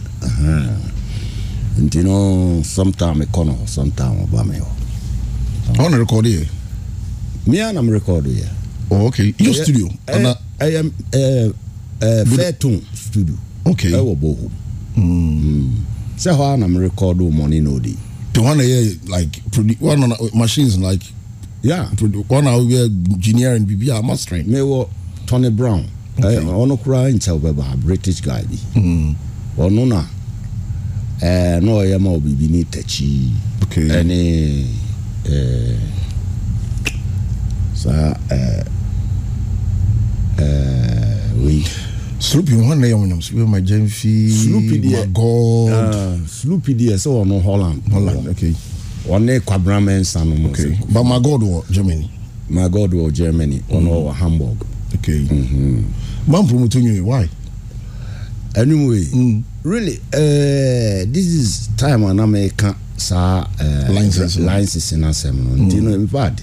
nti no sometime mekɔ no sometime ɔba me hɔ ɔno rekɔde Me a nam record yɛ. Oh, okay your ɛyɛ, studio. I am ɛɛ ɛɛ fairtone studio. okay ɛwɔ eh, boho. Hmm. sɛ hɔ a nam record mɔni na o the one ɛyɛ like produ one on uh, machines like. yeah produ one a yɛ engineering bibi a mastering. Me wo tony brown. ɛɛ ɔno eh, kura nkyɛn british guy bi. ɔno hmm. na ɛɛ eh, n'ɔyɛ ma o bibi ni tɛkyi. okay ɛni ɛɛ saa ɛɛ ɛɛ wei. sloopy hɔn na yɛ wɔn nyam sloopy ma jɛn fii sloopy deɛ ma god ah, sloopy deɛ sɛ wɔn no holland holland okay wɔn ne kwabena mɛnsa no mo okay but ma god wɔ germany ma god wɔ germany ɔno wɔ mm. hamburg okay ma mpɔmu to nyoye why. anyway mm. really uh, this is time anamɛka saa uh, eh, license license na sɛm mm. no nti no in fact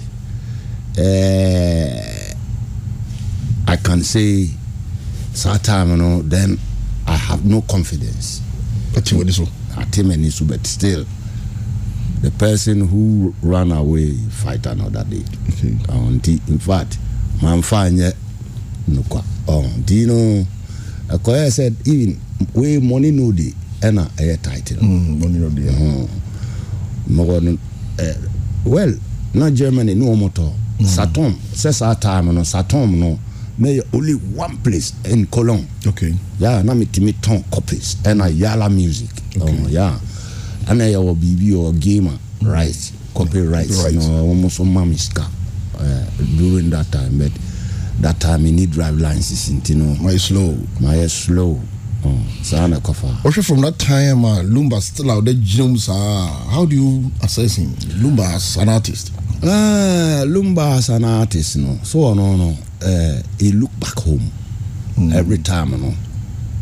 uh, I can say that time, you know, then I have no confidence. But Atimani so, but still, the person who ran away fight another day. Okay. And ah, in fact, man, fine, nukwa. Ah, um, do you know? Akoya said even we money no di, ena air title. Mm, money no day. Ah, eh, well, not Germany, no motor. Mm. saturn sɛ saa time no saturn no mɛ yɛ only one place in cologne okay. ya na mitumi tɔn copies ɛna yala music okay. um, ya ɛna yɛ wɔ biribi wɔ gamer right copyright right. no wɔn nso ma mi sika uh, eh, during that time but that time need drive license nti no. ma ye slow. ma ye slow. Oh, saa na kɔfa. wɔhwɛ from that time uh, lumba still out there gyina mu saa how do you assess him lumba as an artist na eh, lumba as an artist no so ɔno no ɛɛ eh, he look back home mm. every time no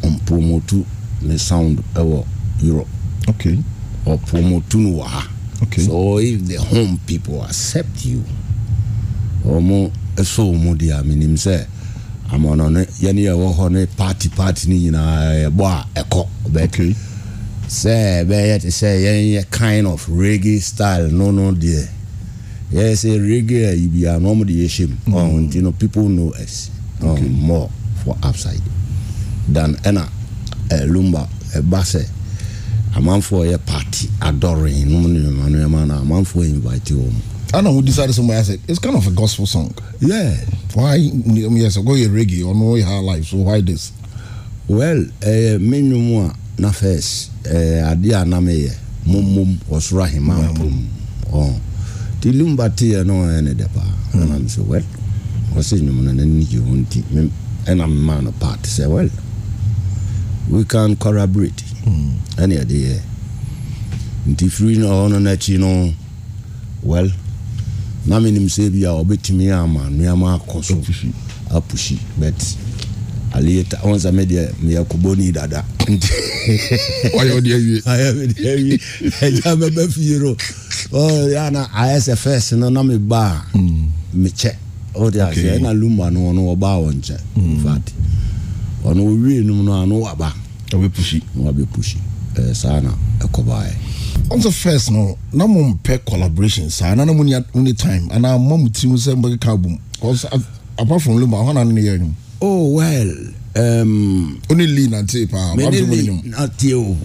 ɔn promote ne sound ɛwɔ eh, europe okay ɔ promote no wɔ ha okay so if the home people accept you ɔmo ɛsɔ ɔmo di a menim sɛ ama ɔno ne yɛne yɛwɔ hɔ ne party party ne nyinaa ɛbɔ a ɛkɔ ɔbɛ okay sɛ ɛbɛyɛ te sɛ yɛn yɛ kind of reggae style no no deɛ. Yes, sɛ reggae a be a normal de yɛhyɛ mu ɔho nti no people know us um, okay. Mm-hmm. more for upside than ɛna uh, eh, lumba ɛba uh, sɛ for a party adɔrin man, ne man. nneɛma na for invite I know who decided somebody. I said it's kind of a gospel song yeah why um, yɛ sɛ go yɛ reggae or yɛ her life so why this well ɛyɛ uh, eh, me nnwom a na first ɛɛ uh, eh, adeɛ a na Mum mum. mmom ɔsoro ahema mpom ɔn nti lu mu ba teɛ na ɔyɛ ne dɛ paa sɛ wɛl ɔsɛ nnwom no n'ani gye ho nti ɛnam ma no part sɛ wɛl we can corroborate ɛne ɛde yɛ nti firi no ɔhɔ no n'akyi no wɛl na menim sɛ bi a ɔbɛtumi ama nneɛma akɔ so apusi bet aliyeta onza oh, me deɛ hmm. meyɛ kɔbɔni oh, dada ɔyɛ wode awie ayɛ mede awie agya mɛbɛ fie no ana ayɛ sɛ fɛs no na mebaa mekyɛ wode aseɛ ɛna lumba no ɔno ɔbaa wɔ nkyɛ fat ɔno ɔwie nom no a hmm. no waba wabɛpusi wabɛpusi eh, saa na ɛkɔbaeɛ ɔnso first no na mo mpɛ collaboration saa na na mo ni time anaa mo mo tirim sɛ mbɛkeka abom apart from lumba ɔhɔ na ne yɛ adwuma oh well. Um, o ah, ni lee nante paa wa bi mo nyom. nante o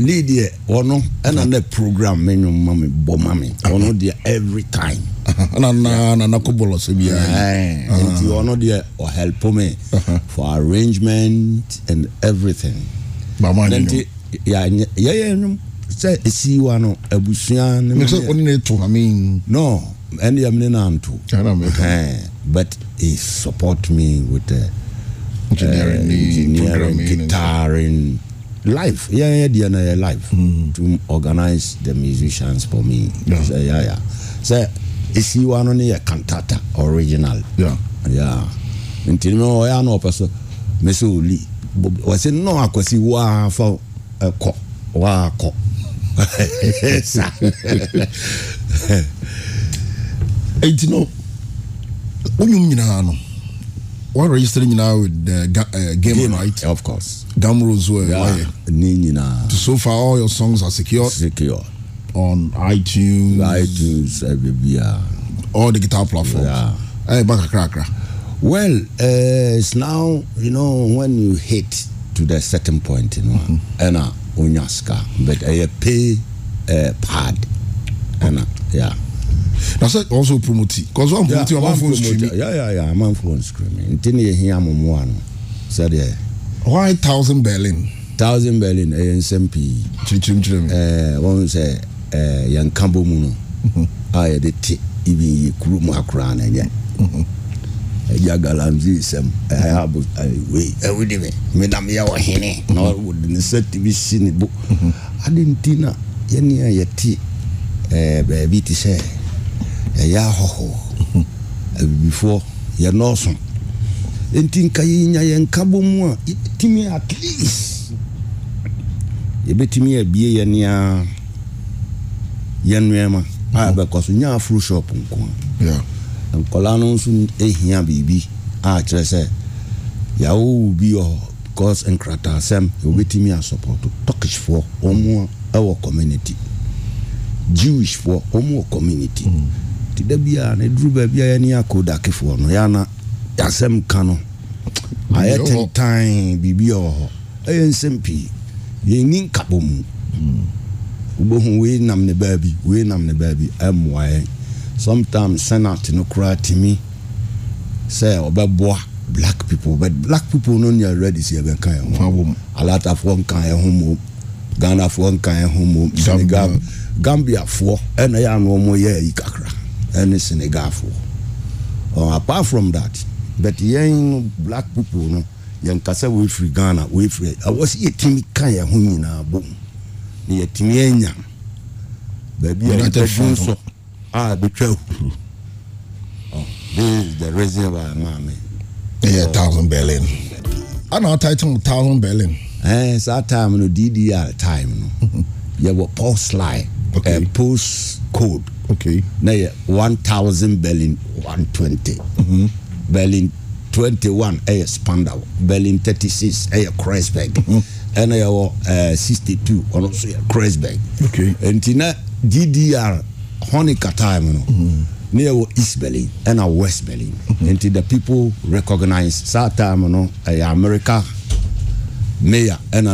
lee deɛ ɔno ɛna ne program mi nyom ma mi bɔ ma mi ɔno deɛ every time. ɛna na na na ko bɔlɔ se bi yaa. nti ɔno deɛ ɔhelp me for arrangement and everything. bàmà ni nyom. yɛ yɛ nyom sɛ esi wa no abusua. mɛ sɛ ɔni na etu hami. no. ɛne yɛm ne nanto but he support me with uh, engineering, uh, engineering guitaring life yɛyɛ deɛ no yɛ life mm. to organize the musicians for me sɛ yaya sɛ ɛsiwa no ne yɛ cantata original yeah. yeah. nti no ɔyɛ na ɔpɛ so me sɛ ɔli wɔse no akwasi waa fa ɛkɔ waa kɔ sa nti no wonwum nyinaa no waregistre nyinaa with the ga, uh, game, game right of course gam rules were eh, yeah, ni nyinaa so far all your songs are secure secure on itunes itunes everywhere all the guitar platforms yeah hey, eh, baka krakra well uh, it's now you know when you hit to the certain point you know mm -hmm. and onyaska but i uh, pay uh, pad and uh, yeah that's why also promoting because one promoting yeah, one phone streaming yeah yeah yeah one phone streaming nti ni ehin amumu ano sɛdeɛ. why thousand berlin. thousand berlin ɛyɛ nsɛm pii. kyirikyirikyiri. ɛɛ eh, wɔn sɛ ɛɛ eh, yɛn kanbo mu no mhm. a yɛde te ibi yɛ kuru mu akora na nyɛ mhm. ɛgya galamsey sɛm ɛyɛ abo ɛwei di mi midam yɛ wɔ hene na ɔwɔ mhm. ne nsa tibi si ne bo adi nti na yɛn ni a yɛ eh, te ɛɛ baabi ti sɛ ɛyɛ ahɔho abibifoɔ yɛnɔɔso nti nka yɛnya yɛn nka bɔ mu a yɛtumi at least yɛbɛtumi abie yɛ nea yɛn nneɛma a mm-hmm. bɛkɔ so nya afro shop nko a nkɔlaa no nso ehia biribi a kyerɛ sɛ yàwó bi wɔ hɔ because nkratasɛm mm-hmm. yɛbɛtumi asɔpɔtɔ turkishfoɔ wɔn a ɛwɔ community Jewish jewishfoɔ wɔn wɔ community. Mm nti da bi a ne duru baabi a yɛne akɔ dakefoɔ no yɛana yɛasɛm ka no ayɛ tentan biribi a wɔ hɔ ɛyɛ nsɛm pii yɛnni nkabɔ mu wobɛhu wei nam ne baabi wei nam ne baabi ɛmmoa yɛn sometimes senate no koraa tumi sɛ boa black people but black people no nea ready sɛ yɛbɛka yɛn ho alatafoɔ nka yɛn ho mmom ghanafoɔ nka yɛn ho mmom senegal gambiafoɔ ɛna yɛ ano ɔmo yɛ ayi kakra ɛne senegalfoɔ uh, apart from that but yɛn black people no yɛn kasa wo efiri ghana wo efiri awɔ si yɛtumi ka yɛn ho nyinaa bom na yɛtumi anya baabi a nipa dun so a betwa ehuru this is the reason why maame. ɛyɛ uh, thousand berlin ana ɔtaitin thousand berlin. ɛɛ saa time no ddr time no yɛ wɔ pulse line. okay uh, code okay yeah, one 1000 berlin 120 mm -hmm. berlin 21 ɛyɛ eh, spandau berlin 36 ɛyɛ cresberg ɛna yɛwɔ 62 ɔno nso yɛ Kreisberg. okay And na gdr honica time no mm -hmm. near yɛwɔ east berlin ɛna eh, west berlin mm -hmm. And the people recognize saa time no ɛyɛ eh, america mayor and na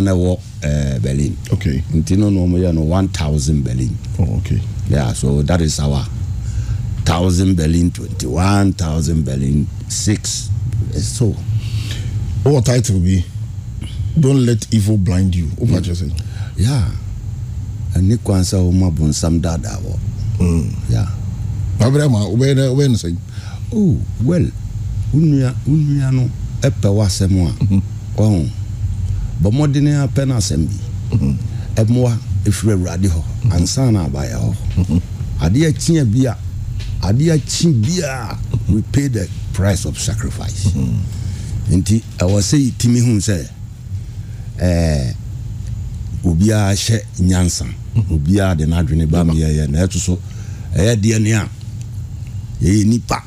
Eh, Berlin. Okay. Ntino no mo no 1000 Berlin. Oh, okay. Yeah, so that is our 1000 Berlin 21, 1000 Berlin 6. Eh, so what title be? Don't let evil blind you. What mm. you say? Yeah. Ani kwansa o ma bonsam dada wo. Mm. Yeah. Babra ma we na we no say. Oh, well. Unuya unuya no epe wasem a. Mhm bɔ mmɔden apɛ no asɛm bi ɛmoa ɛfiri awurade hɔ ansa na abayɛ hɔ adeɛ akyia bi adeɛ akyi bi we pay the price of sacrifice mm-hmm. nti ɛwɔ sɛ yɛtumi hu sɛ ɛɛ obiara hyɛ nyansa obiara mm-hmm. de n'adwene ba mi mm-hmm. yɛyɛ na ɛto so ɛyɛ eh, deɛ ni a yɛyɛ nipa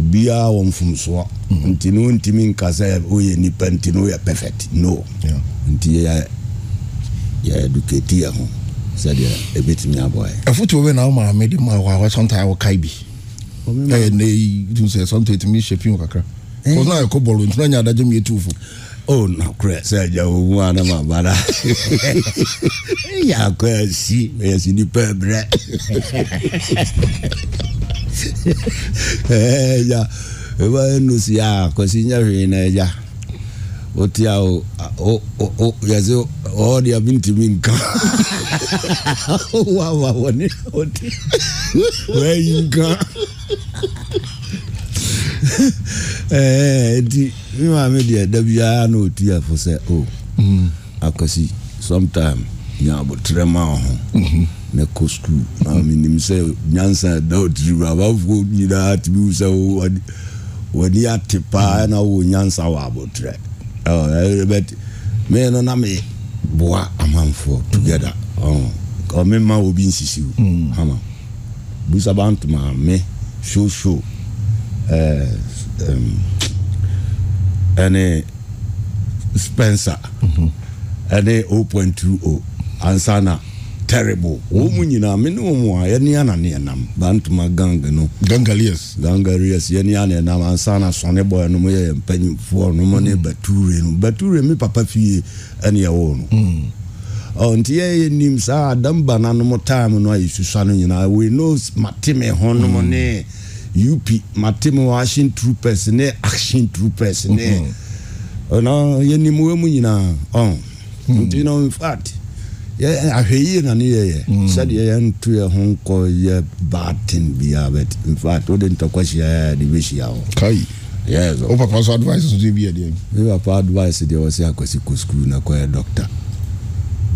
obiara wɔ mfomsoɔ mm-hmm. nti no ntumi nka sɛ woyɛ nipa nti no woyɛ perfect no nti yɛ yɛ edukati yɛ ho sɛdeɛ ebitumi aboa yɛ. ɛfutuo bɛ na awo maame de mu awa awa sɔnta awo kai bi ɛyɛ ne yi tun sɛ sɔnta etumi hyɛ pin kakra eh? kɔn na ɛkɔ bɔlɔ ntuna nyɛ adagye mu etu fo. o na kura sɛ ɛgya mu ana ma ba da yɛ si, ɛsi si nipa ɛbrɛ. ɛgya ɛba ɛnu si a kɔsi nya hwee na ɛgya o ti a o o o yɛsɛ ɔɔdi a bi ntumi nka wa wa wɔni o ti wɛyi nka ɛɛ nti mi maame deɛ dabi ara na o ti a fo sɛ o mm-hmm. akɔsi sometime nya abotire ma ɔho na kɔ sukuu maame nim sɛ nyansa da otiri mu abafoɔ nyinaa tumi sɛ wɔni ate paa na wɔ nyansa wɔ abotire ɛɛ oh, eh, bɛt mɛ no na mi boa amanfoɔ together ɔn oh, ɔmi ma obi nsisi o hama hmm. busaba ntoma mi soso ɛɛ eh, ɛne spencer ɛne mhm. o point two o ansana. terrible wɔn nyinaa me ne wɔn a yɛne ana ne ɛnam bantoma gang no gangalias, gangarias gangarias yɛne ana ɛnam ansa Boy, no bɔ ɛnom yɛ yɛ no ɔnom ne mm. bature no bature mi papa fie ɛne ɛwɔ no ɔ mm. oh, nti yɛyɛ nim sa adam na nom time no ayi yɛsusua no nyinaa we know mateme ho nom mm. ne up mateme washin action troopers ne action troopers ne oh, ye nim wɔ mu nyina ɔn oh, nti no in fact yɛ ahwɛyie na ne yɛyɛ mm. sɛdeɛ yɛnto yɛ ho nkɔ yɛ baten biaa but infact wode ntɔkɔhyiaa de bɛhyia hɔ yes o papa so advice so bi ade mi papa advice de o se akwasi ko school na ko doctor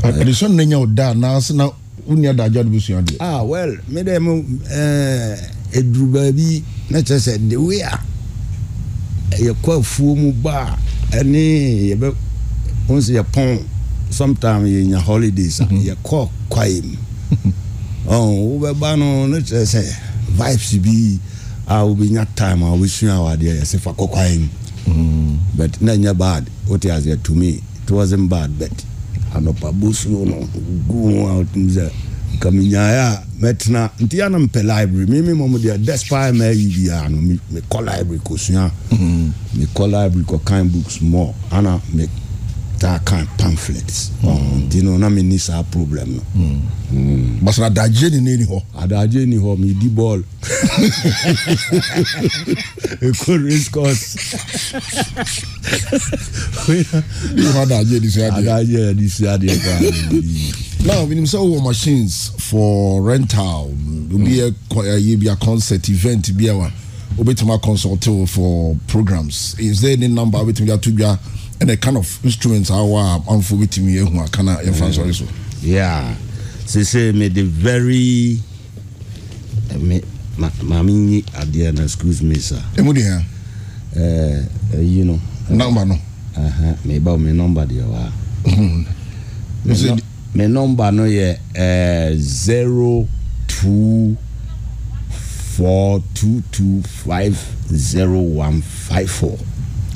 addition na da na se na unia da jadu bu sua ah well me dem mo eh eduru ba bi na che se the way a ye kwa mu ba ene ye be once ye sometime yɛnya holidays a yɛkɔ kwae mu wobɛba no no kyerɛ sɛ vibes bi a wobɛnya time a wobɛsua awadeɛ yɛsɛ fa kɔ kwae mu but na ɛnyɛ bad wote aseɛ to me it wasn't bad but anɔpa bosuo no gu a wotum sɛ kaminyaeɛ a mɛtena nti ana mpɛ library mimi mɔm deɛ despire maayi biaa no mekɔ library kɔsua mekɔ library kɔkan books mɔ ana that kind of pamphlets nti no na mi ni saa problem no. Mm. basara adagye ni ne ni hɔ. adagye ni hɔ mi di ball eko race course. di hɔ adagye di si adeɛ. adagye ni si adeɛ paa. now we need to sell machines for rental obi yɛ yɛ bi a concert event bi a wa obi tuma consult for programs is there any number obi tuma to bi a. And the kind of instruments a wɔ a amfo bi tumi ehu akana yɛfa nsɔre so. yeah sese me de very eh, me ma maame nyi adeɛ excuse me sir. emu de ya. ɛɛ Number no. Uh huh. me ba me number deɛ wa. me number no yɛ ɛɛ eh, zero two four two two five zero one five four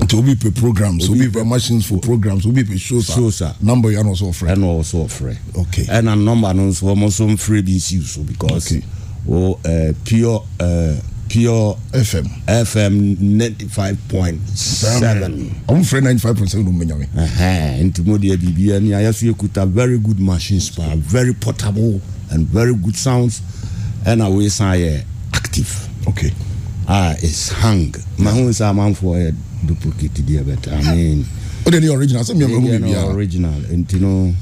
nti obi pe programs obi pe machines for programs obi pe shows shows a number yẹn ọsọ ọfrẹ ẹna ọsọ ọfrẹ okay ẹna number no so ọmọ nso nfiri bi nsi so because okay. o eh, pure eh, pure fm fm ninety five point seven ọmọ nfiri ninety five point seven ló ń bẹnyàmẹ. nti mo de bibi ẹni ayasu ekuta very good machines pa very portable and very good sounds ẹna wei san yẹ active. okay. ah it's hang mahun sa amanfo yẹ. Eh, duplicate deɛ bɛta amen o oh, de the original so me mu bibiara deɛ original nti no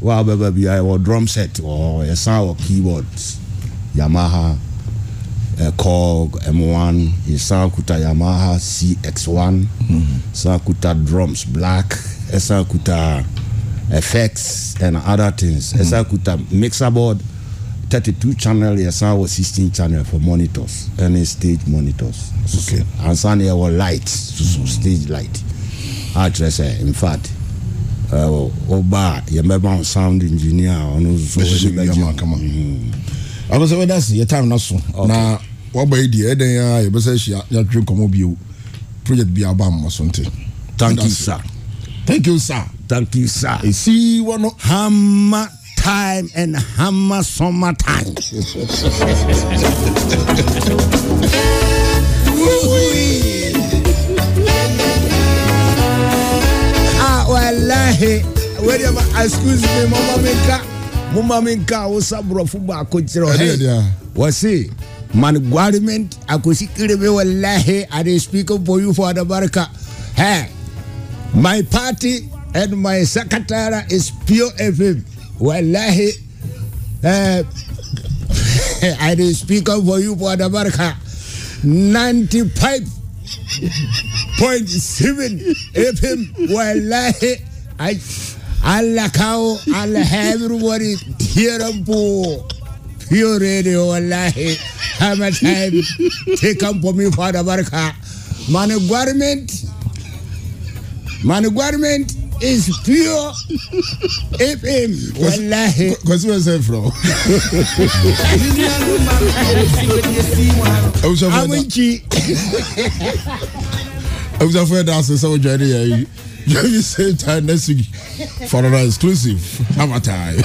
wow baby bi a wɔ drum set a yɛsan wɔ keyboard yamaha ɛkɔ m1 yɛsan kuta yamaha cx1 san kuta drums black ɛsan kuta effects and other things ɛsan kuta mixer board. 32 channel yɛsan wɔ 16 channel for monitors ɛne stage monitors okay. ansa ne yɛwɔ light susu mm. stage light a kyerɛ sɛ infact woba a yɛbɛma wo sound engineer a ɔno nsosɛbɛsɛ mhm. wɛda se yɛ time no so na woaba yi deɛ ɛdɛn a yɛbɛsɛ hyia yɛatwe nkɔmmɔ bio project bi aba mma so nte thank you sir thank you sir thank you sir ɛsi wɔ no hama time and hammer summer time. ah, wallahi, where am I? Excuse me, Mama Minka. Mama Minka, what's up, bro? Fuba, What's it? Man, government, I could see wallahi, I didn't speak up for you for the baraka. Hey, my party and my secretary is pure FM wallahi uh, i dey speak up for you for adabarka 95.7 fm wallahi i allah kawo allah everybody hear am for pure radio wallahi how much time take up for me for barca? man government man government is pure FM. Wallahi. Kwasiwe I Awinchi. Awusafo ẹ̀dá ase sẹ́wọ́n jọ ẹni yẹn yìí. Jẹ́bi same time next week for another exclusive. have a time.